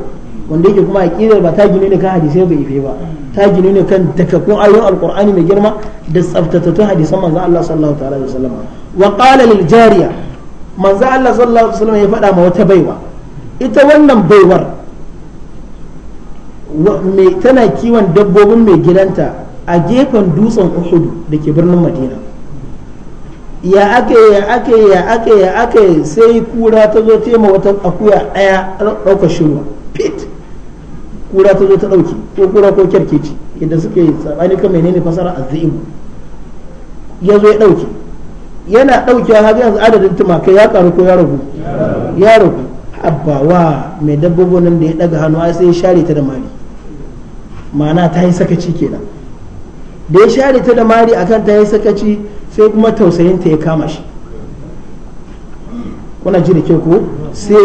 [SPEAKER 1] wanda yake kuma aqidar ba ta ginu ne kan hadisai bai ife ba ta ginu kan takakkun ayoyin alqur'ani mai girma da tsaftatattun hadisan manzo Allah sallallahu ta'ala alaihi wasallam wa qala Allah sallallahu alaihi ya faɗa ma wata baiwa ita wannan baiwar tana kiwon dabbobin mai gidanta a gefen dutsen uhud da ke birnin madina ya ake ya ake ya ake ya ake sai kura ta zo tema wata akuya ɗaya ɗaukar shirwa pit kura ta zo ta ɗauki ko kura ko kyarkeci inda suke tsabani kan menene fasara azzimu ya zo ya ɗauki yana a har yanzu adadin tumakai ya karu ko ya ragu ya ragu abawa mai dabbobin nan da ya ɗaga hannu sai ya share ta da mali ma'ana ta yi sakaci kenan da ya share ta da mari a ta ya sakaci sai kuma tausayin ta ya kama shi kuna ji da ke ko sai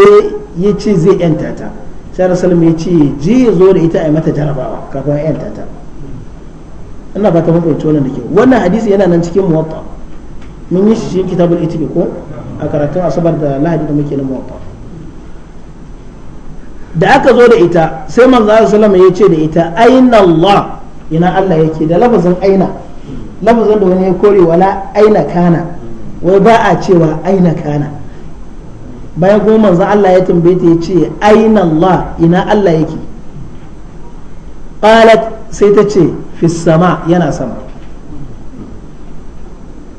[SPEAKER 1] ya ce zai yanta ta shara rasulun ya ce ji ya zo da ita a yi mata jarabawa kafin ya yanta ta ina ba ta mafarci wannan da ke wannan hadisi yana nan cikin muwatta mun yi shi cikin kitabul itibi ko a karatun asabar da lahadi da muke na muwatta da aka zo da ita sai manzo sallallahu alaihi wasallam ya ce da ita ayna Allah ina Allah yake da lafazin aina lafazin da wani ya kore wala aina kana wai ba a cewa aina kana bayan kuma manzon Allah ya tambaye ta ce aina Allah ina Allah yake qalat sai ta ce fi sama yana sama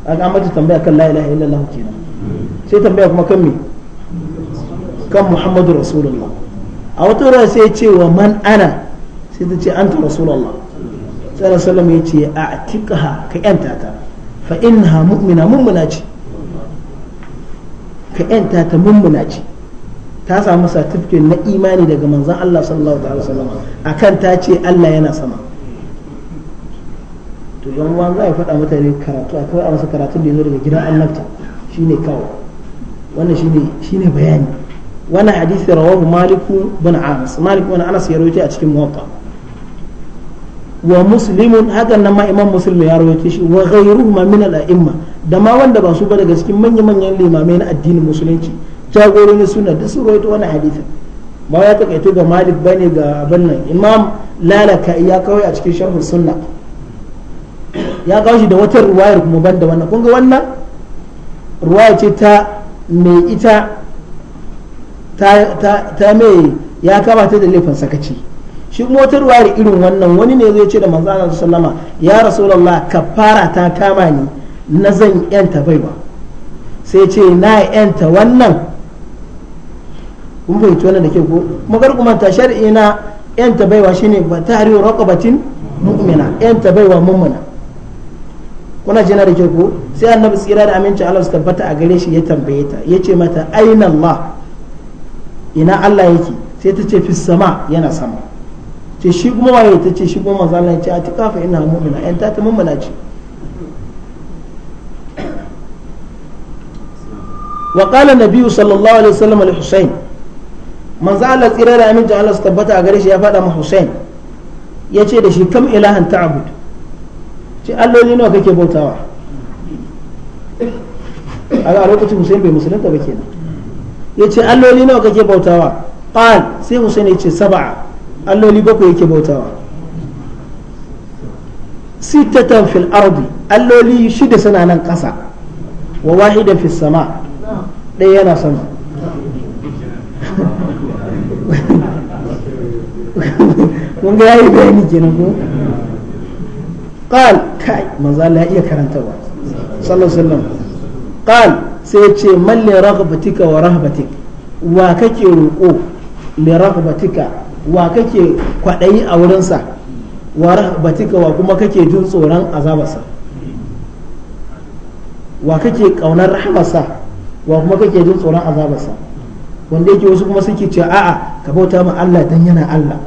[SPEAKER 1] kaga an mata tambaya kan la ilaha illallah kenan sai tambaya kuma kan me kan Muhammadu Rasulullah a wata wurare sai ce wa man ana sai ta ce anta Rasulullah sai sallam ya ce a tikaha ka yanta ta fa innaha mu'mina mummuna ce ka yanta ta mummuna ce ta samu certificate na imani daga manzon Allah sallallahu alaihi wasallam akan ta ce Allah yana sama to yan uwan za a faɗa mutane karatu a kawai a masa karatu da yanzu daga gidan annabta shine kawai wannan shine shine bayani wannan hadisi rawahu maliku bin anas malik bin anas ya rawaita a cikin muwatta wa muslimun hakan nan ma imam muslim ya rawaito shi wa ghayruhuma min al-a'imma da ma wanda ba su ba daga cikin manyan manyan limamai na addinin musulunci jagorori suna da su rawaito wannan hadisin ba ya takaito ga malik bane ga abin nan imam lalaka ya kawai a cikin sharh sunna ya kawo shi da wata ruwayar kuma ban da wannan kun ga wannan ruwaya ce ta mai ita ta mai ya kamata da laifin sakaci shi motar da irin wannan wani ne zai ce da manzana sallama ya ka kafara ta kama ni na zan yanta baiwa sai ce na yanta wannan kun fahimci wannan da ke ko kuma kar kuma ta shar'i na yanta baiwa shine ba tahriru raqabatin mu'mina yanta baiwa mu'mina kuna jina da ke ko sai annabi tsira da aminci Allah su tabbata a gare shi ya tambaye ta yace mata aina Allah ina Allah yake sai ta ce fis sama yana sama ce shi kuma waye ta ce shi kuma manzo Allah ya ce fa ina mu'mina ta ta ce wa qala nabiyyu sallallahu alaihi wasallam al husayn manzo Allah tsira da aminci Allah su tabbata a gare shi ya faɗa ma husayn ya ce da shi kam ilahan ta'bud ce alloli nawa kake bautawa a lokacin husayn bai musulunta ba kenan ya ce alloli nawa kake bautawa qal sai husayn yace ce sab'a alloli bakwai yake bautawa sittatan fil ardi alloli shida suna nan ƙasa wa wahidan fis sama ɗaya yana sama mun ga yayi bayani kenan ko qal kai manzo Allah iya karantawa sallallahu alaihi wasallam qal sai ce man li raghbatika wa rahbatik wa kake roƙo li wa kake kwaɗayi a wurinsa wa rahbatika wa kuma kake jin tsoron azabarsa wa kake ƙaunar rahamarsa wa kuma kake jin tsoron azabarsa wanda yake wasu kuma suke cewa a'a ka bauta ma Allah dan yana Allah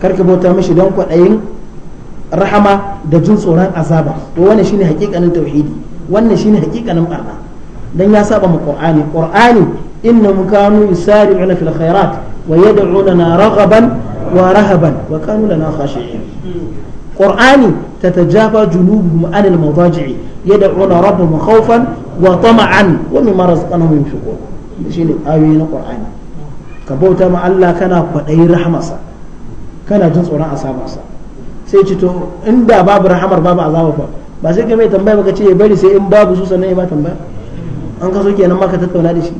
[SPEAKER 1] kar ka bauta mishi dan kwaɗayin rahama da jin tsoron azaba to wannan shine hakikanin tauhidi wannan shine hakikanin barna dan ya saba mu qur'ani qur'ani innahum kanu yusari'una fil khairat ويدعوننا رغبا ورهبا وكانوا لنا خاشعين قرآني تتجافى جنوبهم عن المضاجع يدعون ربهم خوفا وطمعا ومما رزقناهم ينفقون شيء آيين القرآن كبوتا مع الله كان فدي رحمة كان جنس وراء أصابة sai ci to in da babu rahamar babu azaba fa ba sai ka mai tambaya baka ce ya bari sai in babu su sannan ya ba tambaya an kaso kenan maka tattauna da shi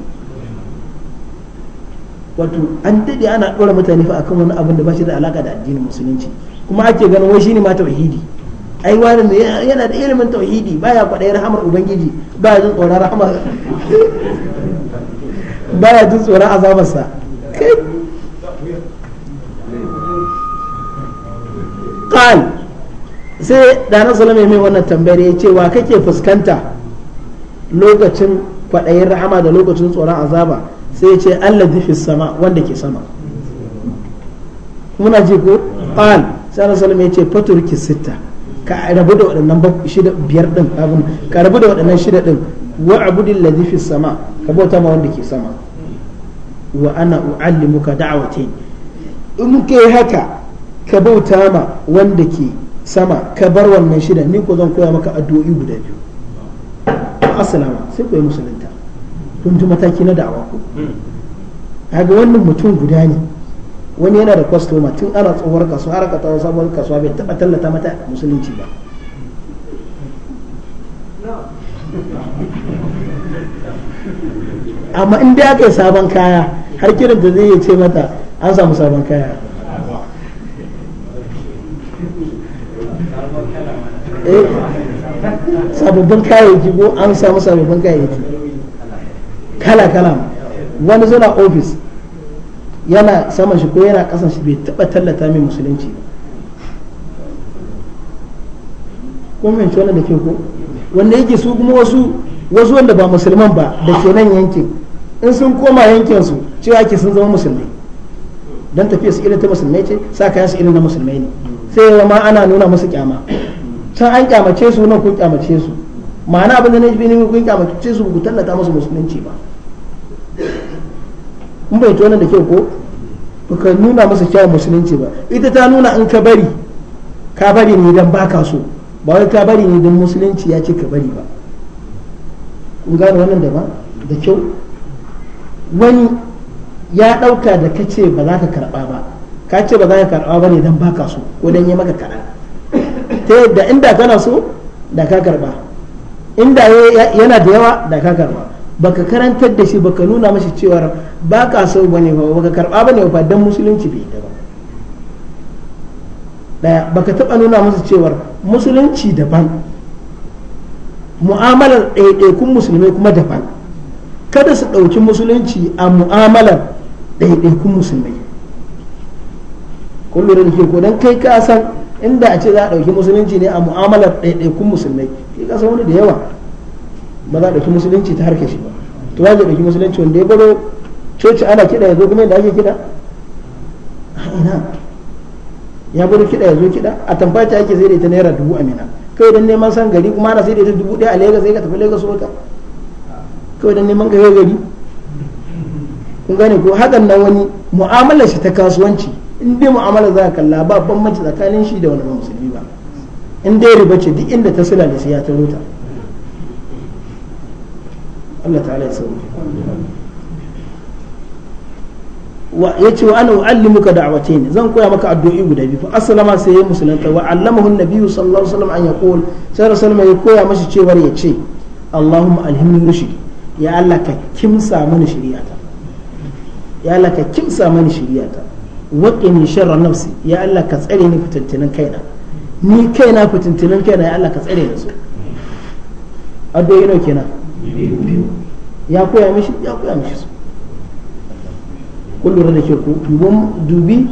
[SPEAKER 1] wato an daɗe ana ɗora mutane fa a kan wani abin da ba shi da alaka da addinin musulunci kuma ake ganin wai shine ma tauhidi ai wani yana da ilimin tauhidi baya kwaɗayi rahamar ubangiji baya jin tsoron rahamar baya jin tsoron azabarsa qal sai dana salama mai wannan tambayar ya ce wa kake fuskanta lokacin kwaɗayin rahama da lokacin tsoron azaba sai ya ce allazi fi sama wanda ke sama muna ji ko qal sai Allah ya ce faturki sita ka rabu da waɗannan shida biyar din abun ka rabu da waɗannan shida din wa abudil ladhi fi sama ka bauta ma wanda ke sama wa ana uallimuka da'awatayn in muka haka ka bauta ma wanda ke sama ka bar wannan shida ni ko zan koya maka addu'o'i guda biyu assalamu sai ku yi musulunta kun ji mataki na da'awa ko kaga wannan mutum guda ne wani yana da kwastoma tun ana tsohuwar kasuwa har ka tawo sabon kasuwa bai taba tallata mata musulunci ba amma in dai aka yi sabon kaya har kiran da zai ce mata an samu sabon kaya eh, sababbin kayayyaki ko an samu sababbin kayayyaki kala kala wani zana ofis yana saman shi ko yana kasan shi bai taba tallata mai musulunci ba kun fahimci wannan da ke ko wanda yake su kuma wasu wasu wanda ba musulman ba da ke nan yankin in sun koma yankin su cewa ke sun zama musulmai dan tafiya su irin ta musulmai ce sa kaya su irin na musulmai ne sai yawa ma ana nuna musu kyama can an kyamace su nan kun kyamace su ma'ana abin da na yi ne kun kyamace su ku tallata musu musulunci ba in bai wannan da kyau ko baka nuna masa kyawun musulunci ba ita ta nuna in ka bari ka bari ne dan baka so ba wai ka bari ne dan musulunci ya ce ka bari ba kun gane wannan da ba da kyau wani ya ɗauka da ka ce ba za ka karɓa ba ka ce ba za ka karɓa ba ne dan baka so ko dan yi maka kaɗan ta yadda inda kana so da ka karɓa inda yana da yawa da ka karɓa baka karantar da shi baka nuna mashi cewar ba ka so ne ba baka karba ne ba dan musulunci bai da ba daya baka taba nuna masa cewa musulunci daban mu'amalar ɗaiɗaikun musulmai kuma daban kada su ɗauki musulunci a mu'amalar ɗaiɗaikun musulmai kun da ke ko dan kai ka san inda a ce za a ɗauki musulunci ne a mu'amalar ɗaiɗaikun musulmai kai ka san wani da yawa ba za a ɗauki musulunci ta harkar shi ba to ya ɗauki musulunci wanda ya baro coci ana kiɗa ya zo kuma yadda ake kiɗa ina ya baro kiɗa ya zo kiɗa a tamfata ake zai da ita naira dubu amina kawai don neman san gari kuma ana sai da ita dubu ɗaya a lagos sai ka tafi lagos wata kawai don neman gari gari kun gane ko hakan nan wani mu'amalar shi ta kasuwanci in dai mu'amala za ka kalla ba bambanci tsakanin shi da wani musulmi ba in dai riba ce duk inda ta sula da siya ta rota Allah ta'ala ya wa ya ce wa ana u'allimuka ne zan koya maka addu'o'i guda biyu fa sai ya musulunta wa allamahu an-nabiyyu sallallahu alaihi wasallam an yaqul sai rasul ya koya mashi cewar ya ce Allahumma alhimni rushd ya Allah ka kimsa mani ta ya Allah ka kimsa mani ta wa qini sharra nafsi ya Allah ka tsare ni fitintunan kaina ni kaina fitintunan kaina ya Allah ka tsare ni su addu'o'i nawa kenan ya koya mishi ya koya mishi su kullum da ke ku dubi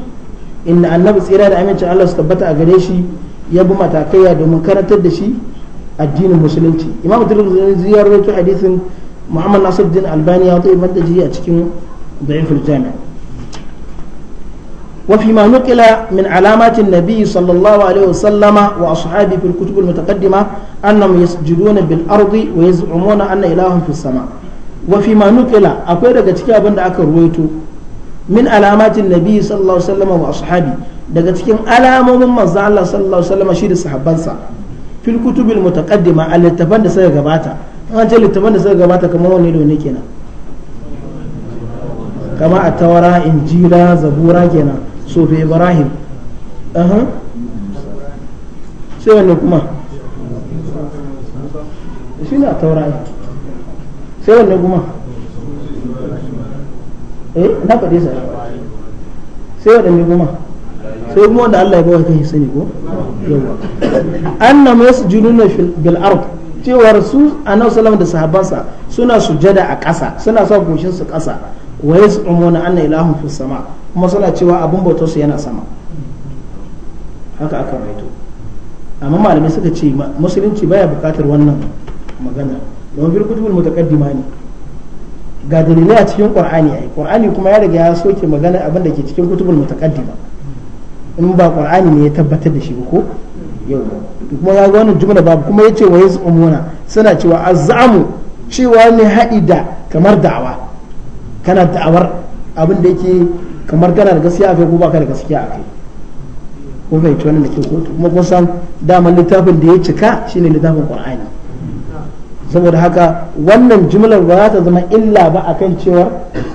[SPEAKER 1] inda annabi tsira da amincin Allah su tabbata a gare shi ya bi matakaiya domin karantar da shi addinin musulunci imam turmuzi ziyarar rawaito hadisin muhammad nasiruddin albani ya wato imar da a cikin bayan jami'a وفيما نقل من علامات النبي صلى الله عليه وسلم وأصحابه في الكتب المتقدمة أنهم يسجدون بالأرض ويزعمون أن إلههم في السماء وفيما نقل أقول لك تكابن أكرويتو min alamatin nabi sallallahu alaihi wasallam wa ashabi daga cikin alamomin manzo Allah sallallahu alaihi wasallam shi da sahabbansa fil kutubil mutaqaddima al da suka gabata an ce littafin da suka gabata kamar wani da wani kenan kama a tawara injira zabura kenan sufi ibrahim aha sai wannan kuma shi na taurari sai wannan kuma eh na faɗi sa sai waɗanne kuma sai kuma wanda Allah ya bawa kai sani ko yawa annam yasjuduna bil ard cewar su annabi sallallahu da sahabbansa suna sujada a ƙasa suna sa goshin su ƙasa wa yas'umuna anna ilahum fis sama' kuma suna cewa abin bautar yana sama haka aka raito amma malamai suka ce musulunci baya bukatar wannan magana don fil kutubul mutaqaddima ne ga dalilai a cikin qur'ani ai qur'ani kuma ya riga ya soke magana abin da ke cikin kutubul mutaqaddima in ba qur'ani ne ya tabbatar da shi ko yau kuma ya ga wannan jumla babu kuma yace wa yaz'umuna suna cewa az'amu cewa ne haɗi da kamar da'awa kana da'awar abin da yake kamar kana da gaskiya a kai ko baka da gaskiya a kai ko bai ci wannan da ke kotu kuma kun san daman littafin da ya cika shine littafin qur'ani saboda haka wannan jumlar ba za ta zama illa ba akan cewar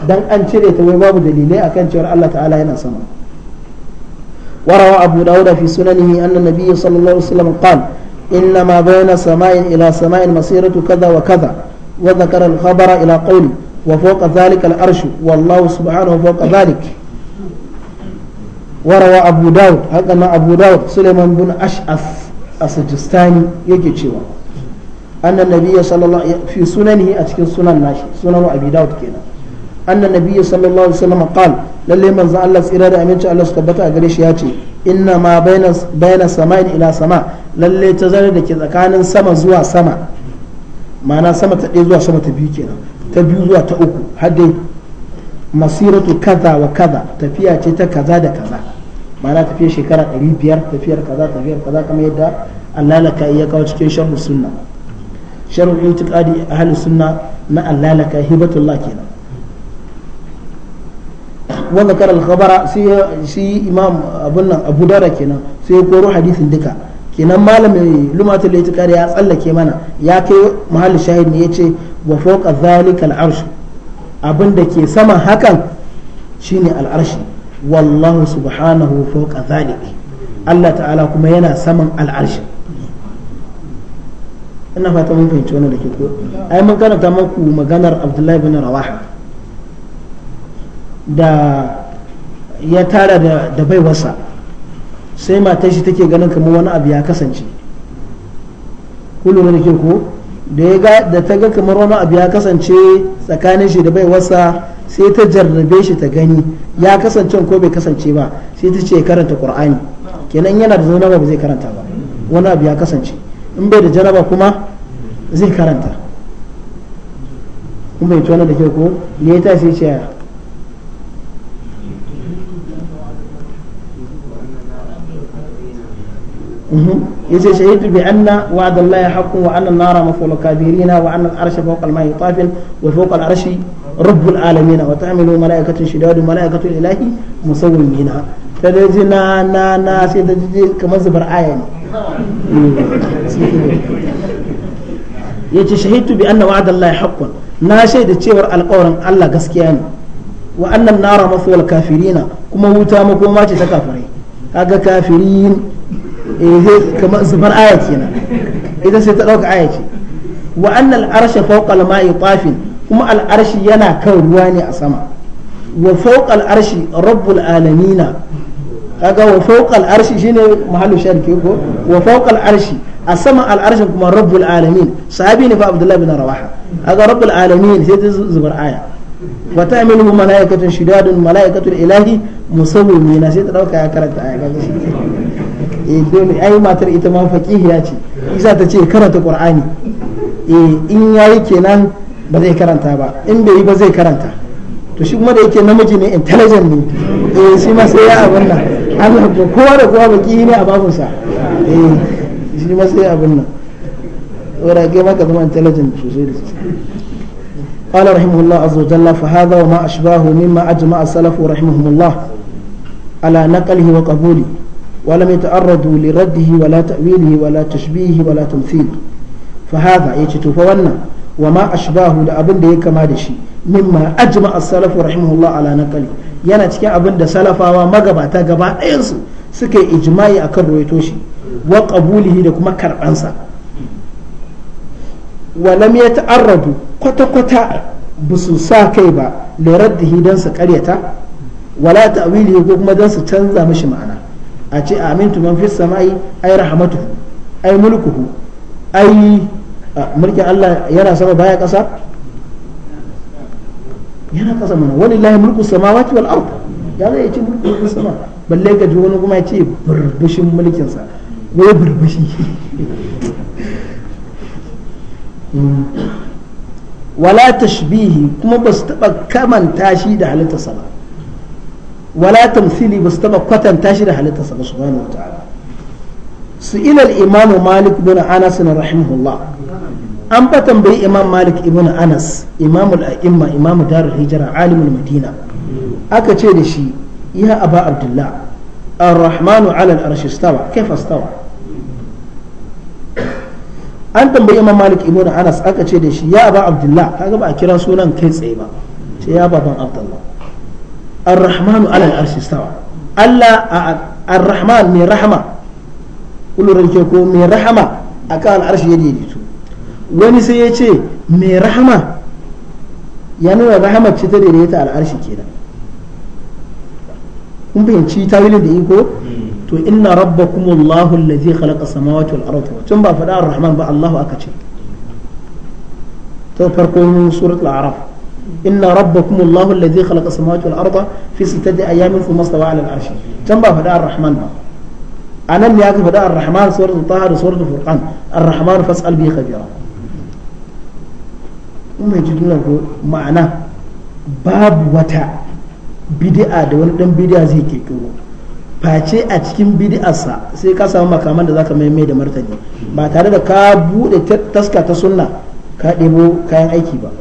[SPEAKER 1] dan an cire ta wai babu dalilai akan cewar Allah ta'ala yana sama وروى أبو داود في سننه أن النبي صلى الله عليه وسلم قال إنما بين سماء إلى سماء مسيرة كذا وكذا وذكر الخبر إلى قوله وفوق ذلك العرش والله سبحانه فوق ذلك وروى أبو داود هكذا أبو داود سليمان بن أشعث السجستاني يجي شوى أن النبي صلى الله في سننه أتكن سنن ناشي سنن أبي داود كنا أن النبي صلى الله عليه وسلم قال للي من زعل الله إرادة أمين الله سكبتا أقريش ياتي إنما بين بين سماء إلى سماء للي تزال لك إذا كان سما زوا سما معنى سما تأتي زوا سما تبيكينا ta biyu zuwa ta uku har dai masiratu kaza wa kaza tafiya ce ta kaza da kaza ma'ana tafiya shekara 500 tafiyar kaza tafiyar kaza kamar yadda allalaka ya kawo cikin sharhu sunna sharhu itiqadi ahli sunna na allalaka hibatullah kenan wa zakara al-khabara sai imam abun nan abu dara kenan sai ya koro hadisin duka kenan malamin lumatul itiqad ya tsallake mana ya kai mahallin shahid ne yace wa fawqa dhalika al-arsh ke sama hakan shine al-arsh wallahu subhanahu fawqa dhalika Allah ta'ala kuma yana saman al-arsh ina fata mun fahimci wannan da ke ko ai mun karanta maku maganar Abdullahi bin Rawah da ya tara da baiwarsa sai mata shi take ganin kamar wani abu ya kasance kullum da ke ko da ta ga kamar wani abu ya kasance tsakanin shi da bai wasa sai ta jarrabe shi ta gani ya kasance ko bai kasance ba sai ta ce karanta qur'ani kenan yana da zanaba ba zai karanta ba wani abu ya kasance in bai da janaba kuma zai karanta kuma ita wannan da ke ko ne ta sai ce Mhm. yace shahidu bi anna wa'da Allah haqqun wa anna an-nara kabirina wa anna al-arsha fawqa al-ma'i tafin wa fawqa al-arshi rabbul alamin wa ta'milu shidadu ilahi musawwimina ta da ji na na na sai da ji kamar zubar aya ne shahidu bi anna wa'da Allah haqqun na shaida cewar alƙawarin Allah gaskiya ne wa nara kafirina kuma wuta makoma ce ta kafirai kaga kafirin eh kamar zubar aya kenan idan sai ta dauka aya ce wa annal arsha fawqa al-ma'i tafin kuma al'arshi yana kan ruwa ne a sama wa fawqa al-arshi rabbul alamina kaga wa fawqa al-arshi shine mahallu sharki ko wa fawqa al-arshi a sama al-arshi kuma rabbul alamin sahabi ne fa abdullahi bin rawaha kaga rabbul alamin sai ta zubar aya wa ta'milu malaikatun shidadun malaikatul ilahi musawwimina sai ta dauka ya karanta aya kaga shi eh dole ai matar ita ma faqihiya ce isa ta ce karanta qur'ani eh in yayi kenan ba zai karanta ba in bai yi ba zai karanta to shi kuma da yake namiji ne intelligent ne eh shi ma sai ya abin nan Allah ko kowa da kowa baki ne a babun sa eh shi ma sai abin nan ora ga maka zama intelligent sosai da sosai قال رحمه الله عز وجل فهذا وما أشباهه مما أجمع السلف رحمهم الله على نقله وقبوله ولم يتعرضوا لرده ولا تأويله ولا تشبيهه ولا تمثيله فهذا يتتفونا وما أشباه لأبن دي كما دشي مما أجمع السلف رحمه الله على نقله yana cikin abin da salafawa magabata gaba ɗayansu suka yi ijma'i akan ruwaito shi da kuma karɓansa wa lam yata'arradu kwata-kwata ba sa kai ba da raddihi karyata wala ta'wili su canza ma'ana a ce amintu man fis sama'i ai rahmatu ai mulkuhu ai mulkin Allah yana sama baya kasa yana kasa mana wani walillahi mulku samawati wal ard ya zai ce mulku sama balle ka ji wani kuma ya ce burbushin mulkin sa wai burbushi wala tashbihi kuma ba su taba kamanta shi da halittar sama wala tamsili ba su taba kwatanta shi da halittarsa ba subhanahu wa ta'ala su ilal imamu malik bin anas na rahimahullah an ba tambayi imam malik ibn anas imamul a'imma imamu darul hijira alimul madina aka ce da shi ya aba abdullah الرحمن على الأرش استوى كيف استوى an tambayi imam malik ibn anas aka ce da shi ya ba abdullah kaga ba a kira sunan kai tsaye ba ce ya baban abdullah ar-rahmanu ala al-arshi istawa Allah ar-rahman mai rahama ulurin ke ko mai rahama akan al ya daidaito wani sai ya ce mai rahama ya nuna rahama ce ta daidaita al-arshi kenan kun fahimci tawilin da iko to inna rabbakum Allahu allazi khalaqa samawati wal arda tun ba faɗa ar-rahman ba Allahu aka ce to farkon suratul a'raf inna rabbakum allah alladhi khalaqa samawati wal arda fi sittati ayamin fa mastawa ala al arsh can ba fada arrahman ba anan ne aka fada arrahman suratul taha da suratul furqan arrahman fasal bi khabira umma jidula ko ma'ana babu wata bid'a da wani dan bid'a zai ke turo face a cikin bid'arsa sai ka samu makaman da zaka mai da martani ba tare da ka bude taska ta sunna ka debo kayan aiki ba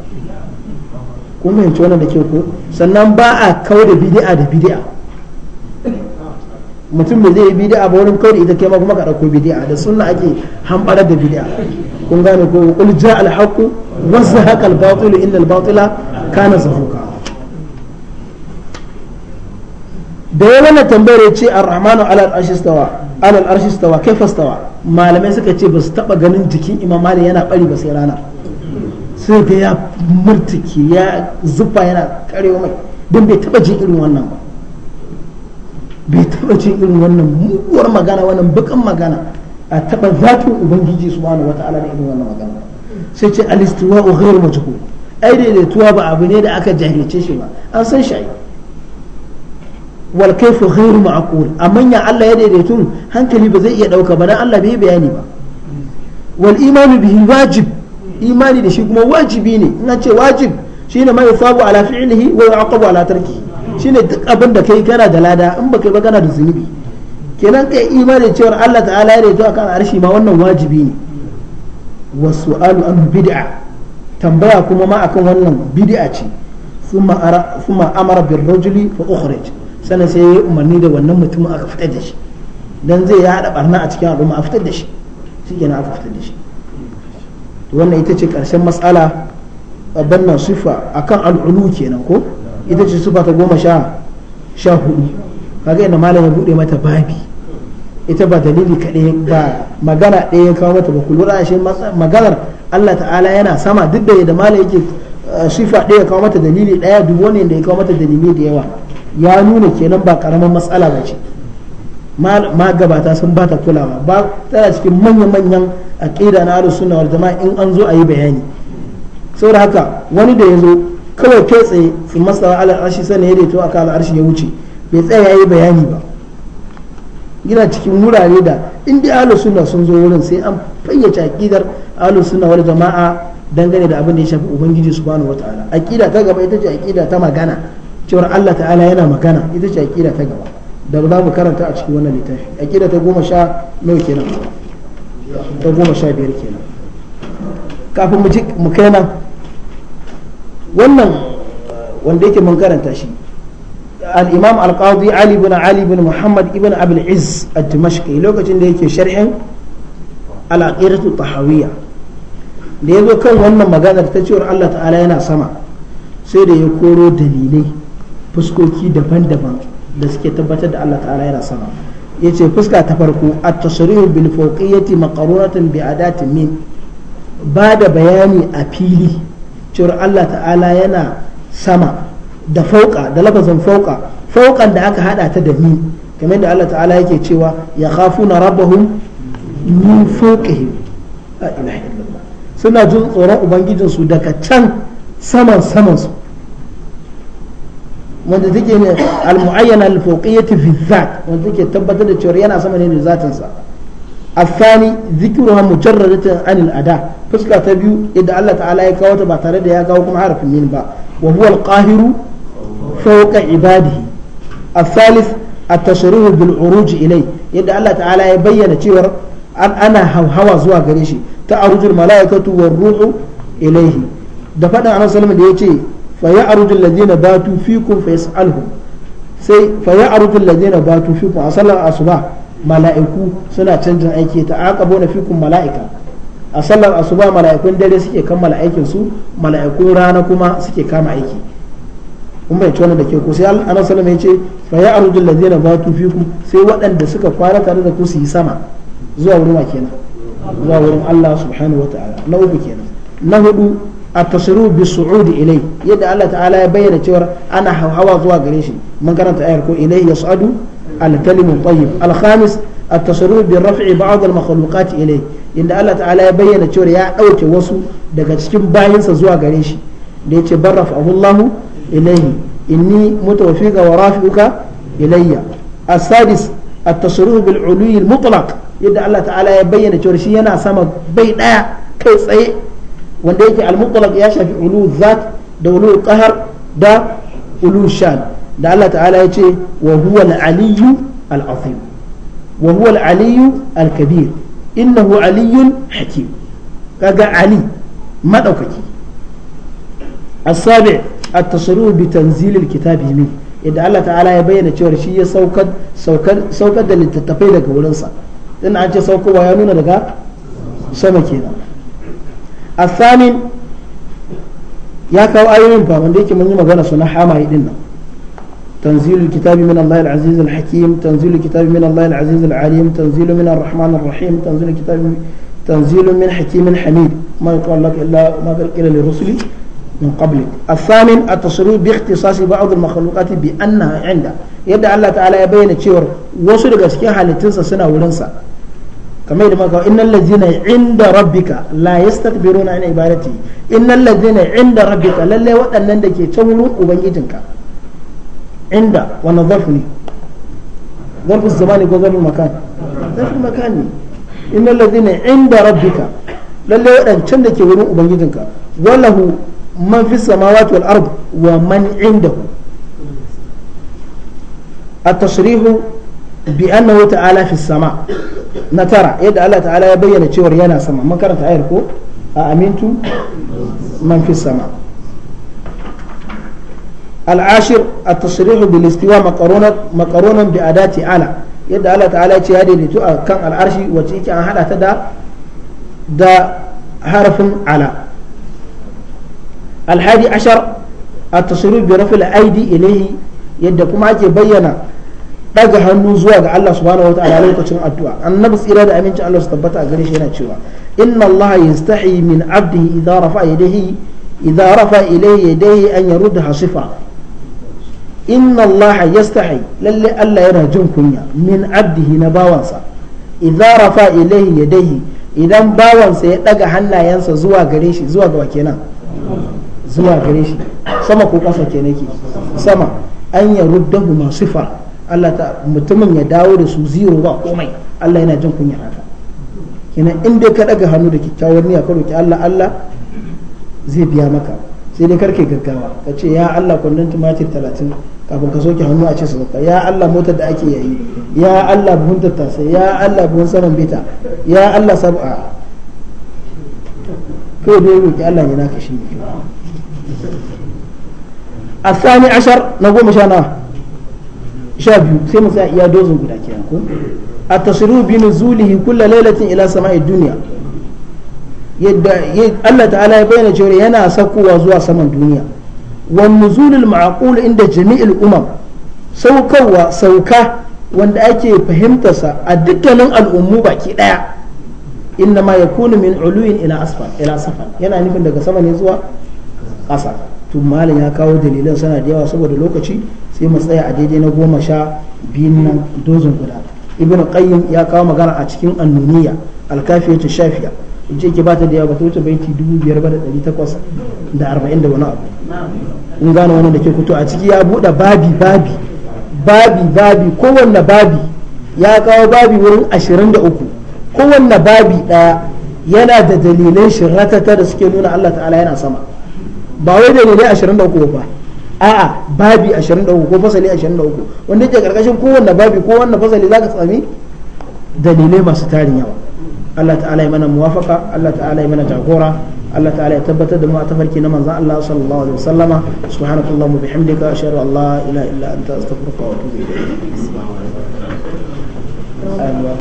[SPEAKER 1] kun fahimci wannan da ke ko sannan ba a kawo da bid'a da bid'a mutum da zai yi bid'a ba wani kawo da ita kai ma kuma ka dauko bid'a da sunna ake hambara da bid'a kun gane ko qul ja'a al-haqqu wa zahaqa al-batil inna al-batila kana zahuqa da ya wannan tambayar ya ce ar-rahmanu ala al-arshi stawa ala al-arshi stawa kaifa stawa malamai suka ce ba su taba ganin jikin imam mali yana bari ba sai rana sai ga ya murtuki ya zufa yana karewa mai don bai taba jin irin wannan ba bai taba jin irin wannan muguwar magana wannan bukan magana a taba zatin ubangiji subhanahu wata'ala da irin wannan magana sai ce alistuwa wa ghairu majhul ai daidaituwa ba abu ne da aka jahilce shi ba an san shi wal kaifu ghairu ma'qul amma ya Allah ya daidaitu hankali ba zai iya dauka ba dan Allah bai bayani ba wal imanu bihi wajib imani da shi kuma wajibi ne ina ce wajib shine mai yusabu ala fi'lihi wa yu'aqabu ala tarki shine duk abin da kai kana da lada in baka ba kana da zunubi kenan kai imani cewa Allah ta'ala ya rito akan arshi ma wannan wajibi ne wasu'alu an bid'a tambaya kuma ma akan wannan bid'a ce thumma amara bin rajuli fa ukhrij sannan sai ya umarni da wannan mutumin aka fitar da shi dan zai ya hada barna a cikin al'umma a fitar da shi shi kenan aka fitar da shi wannan ita ce karshen matsala bannan nan a kan al'ulu kenan ko ita ce sufa ta goma sha sha hudu kaga inda malam ya bude mata babi ita ba dalili kaɗai ba magana ɗaya ya kawo mata ba ku lura shi maganar Allah ta'ala yana sama duk da yadda malam yake eh, sufa ɗaya kawo mata dalili ɗaya dubu wani da ya kawo mata dalili da yawa ya nuna kenan ba karamin matsala ba ce ma gabata sun ba ta kulawa ba tana cikin manya-manyan aƙida na harin suna wata jama'a in an zo a yi bayani saboda haka wani da ya zo kawai ke tsaye su masa ala arshi sani ya to aka ala arshi ya wuce bai tsaya ya yi bayani ba yana cikin wurare da in dai sunna sun zo wurin sai an fayyace aƙidar ahlus sunna wal jama'a dangane da abin da ya shafi ubangiji subhanahu wataala aƙida ta gaba ita ce aƙida ta magana cewar Allah ta'ala yana magana ita ce aƙida ta gaba da za mu karanta a cikin wannan littafi aqida ta goma sha nawa kenan ta goma sha biyar kenan kafin mu mu kai nan wannan wanda yake mun karanta shi al-imam al-qadi ali ibn ali ibn muhammad ibn abul izz ad-dimashqi lokacin da yake sharhin al-aqidatu tahawiyya da yazo kan wannan maganar ta cewa Allah ta'ala yana sama sai da ya koro dalilai fuskoki daban-daban da suke tabbatar da Allah ta'ala yana sama ce fuska ta farko a tasrihu bil fawqiyyati maqrunatan bi adatin min ba da bayani a fili cewar Allah ta'ala yana sama da fauka da lafazin fauka faukan da aka hada ta da min kamar da Allah ta'ala yake cewa ya na rabbahum min fawqihim suna jin tsoron ubangijinsu daga can saman saman su wanda take ne al-mu'ayyana al-fawqiyyati fi dhat wanda take tabbatar da cewa yana sama ne da zatin sa afani zikruha mujarradatan anil ada fuska ta biyu yadda Allah ta'ala ya kawo ta ba tare da ya kawo kuma harafin min ba wa huwa al-qahiru fawqa ibadihi الثالث التصريح بالعروج إليه يدعى الله تعالى يبين تشير أن أنا هوا زوا قريشي تعرج الملائكة والروح إليه دفعنا عن صلى الله عليه وسلم fa ya'rudu alladhina batu fikun fa yas'aluhum sai fa ya'rudu alladhina batu fikun a sallar asuba mala'iku suna canjin aiki ta aqabuna fikun mala'ika a sallar asuba mala'ikun dare suke kammala aikin su mala'ikun rana kuma suke kama aiki kun bai tona da ke ku sai anan salama ya ce fa ya'rudu alladhina batu fikun sai waɗanda suka kwana tare da ku su yi sama zuwa wurin kenan zuwa wurin Allah subhanahu wata'ala na uku kenan na hudu atasiru bi su'udi ilai yadda Allah ta'ala ya bayyana cewa ana hawa zuwa gare shi mun karanta ayar ko ilai su'adu al-kalimu tayyib al-khamis التصرف برفع بعض المخلوقات إليه إن الله تعالى يبين cewa ya ɗauke wasu daga cikin bayinsa zuwa gare shi da yace barraf Allahu ilayhi inni mutawfiqa wa rafi'uka ilayya as-sadis at-tasarruf bil uluy al-mutlaq yadda Allah ta'ala ya bayyana cewa shi yana sama bai daya kai tsaye wanda yake al ya shafi ulu zat da ulu qahar da ulu shan da Allah ta'ala ya ce wa huwa al-aliyyu al-azim wa huwa al-aliyyu al-kabir innahu aliyyun hakim kaga ali madaukaki as-sabi' at-tasarruf bi tanzil al-kitab min yadda Allah ta'ala ya bayyana cewa shi ya saukar saukar da littattafai daga wurinsa din an ce saukowa ya nuna daga sama kenan الثامن ya kawo ayoyin fa wanda yake mun yi magana su na hamaye din nan tanzilul kitabi min Allah al-aziz al-hakim tanzilul kitabi min Allah al-aziz al-alim tanzilu min ar-rahman ar-rahim tanzilul kitabi tanzilu min hakimin hamid من قبلك الثامن التصريح باختصاص بعض المخلوقات بأنها عنده يدعى الله تعالى يبين تشور وصل غسكي حالتين سنة ولنسا kamar yadda maka innal ladzina inda rabbika la yastakbiruna an ibadati innal ladzina inda rabbika lalle waɗannan da ke can wurin ubangijinka inda wannan zarfu ne zarfu zamani ko zarfu makan zarfu makan ne innal ladzina inda rabbika lalle waɗancan da ke wurin ubangijinka wallahu man fi samawati wal ard wa man indahu at-tashrih bi annahu ta'ala fi sama' na tara yadda Allah ta'ala ya bayyana cewar yana sama makaranta ayar ko a amintu man fi sama al'ashir a tasrihu bil istiwa makaronan bi adati ala yadda Allah ta'ala ya ce ya daidaitu a kan al'arshi wacce yake an hada ta da da harafin ala alhadi ashar at-tasrihu bi rafil aidi ilayhi yadda kuma ake bayyana daga hannu zuwa ga Allah subhanahu wataala lokacin addu'a annabi tsira da aminci Allah su tabbata a gare shi yana cewa inna Allah yastahi min abdihi idza rafa yadayhi idza rafa ilayhi yadayhi an yarudda hasifa inna Allah yastahi lalle Allah yana jin kunya min abdihi na bawansa idza rafa ilayhi yadayhi idan bawansa ya daga hannayensa zuwa gare shi zuwa ga kenan zuwa gare shi sama ko kasa kenan ke sama an yaruddahu ma sifa Allah ta mutumin ya dawo da su zero ba komai Allah yana jin kunya haka kenan in dai ka daga hannu da kyakkyawar niyya ka roki Allah Allah zai biya maka sai dai karke gaggawa ka ce ya Allah kwandon tumatir talatin kafin ka soke hannu a ce sadaka ya Allah motar da ake yayi ya Allah buhun tattasa ya Allah buhun saman bita ya Allah sab'a kai dai roki Allah ya naka shi ne a sani ashar na goma sha nawa sha biyu sai mu tsaya iya dozin guda kenan ko a tasiru bi nuzulihi kulla lailatin ila sama'i duniya yadda Allah ta'ala ya bayyana cewa yana sakowa zuwa saman duniya wa nuzulul ma'qul inda jami'il umam saukarwa sauka wanda ake fahimtarsa a dukkanin al'ummu baki daya inna ma yakunu min uluin ila asfal ila safal yana nufin daga sama ne zuwa ƙasa to malin ya kawo dalilan sana da yawa saboda lokaci sai mu tsaya a daidai na goma sha biyun nan dozin guda ibn qayyim ya kawo magana a cikin annuniya alkafiyatu shafiya ce ke ta da yawa ta wuce baiti dubu biyar ba da ɗari takwas da arba'in da wani
[SPEAKER 2] abu
[SPEAKER 1] in gane wannan da ke fito a ciki ya buɗe babi babi babi babi kowanne babi ya kawo babi wurin ashirin da uku kowanne babi ɗaya yana da dalilan shirratata da suke nuna Allah ta'ala yana sama ba wai dalilai uku ba a'a babi da uku ko fasali da uku wanda yake karkashin kowanne babi ko wannan fasali za zaka sami dalilai masu tarin yawa Allah ta'ala ya mana muwafaka Allah ta'ala ya mana jagora Allah ta'ala ya tabbatar da mu a tafarki na manzon Allah sallallahu alaihi wasallama subhanakallahumma bihamdika ashhadu an la ilaha illa anta astaghfiruka wa atubu
[SPEAKER 2] ilayk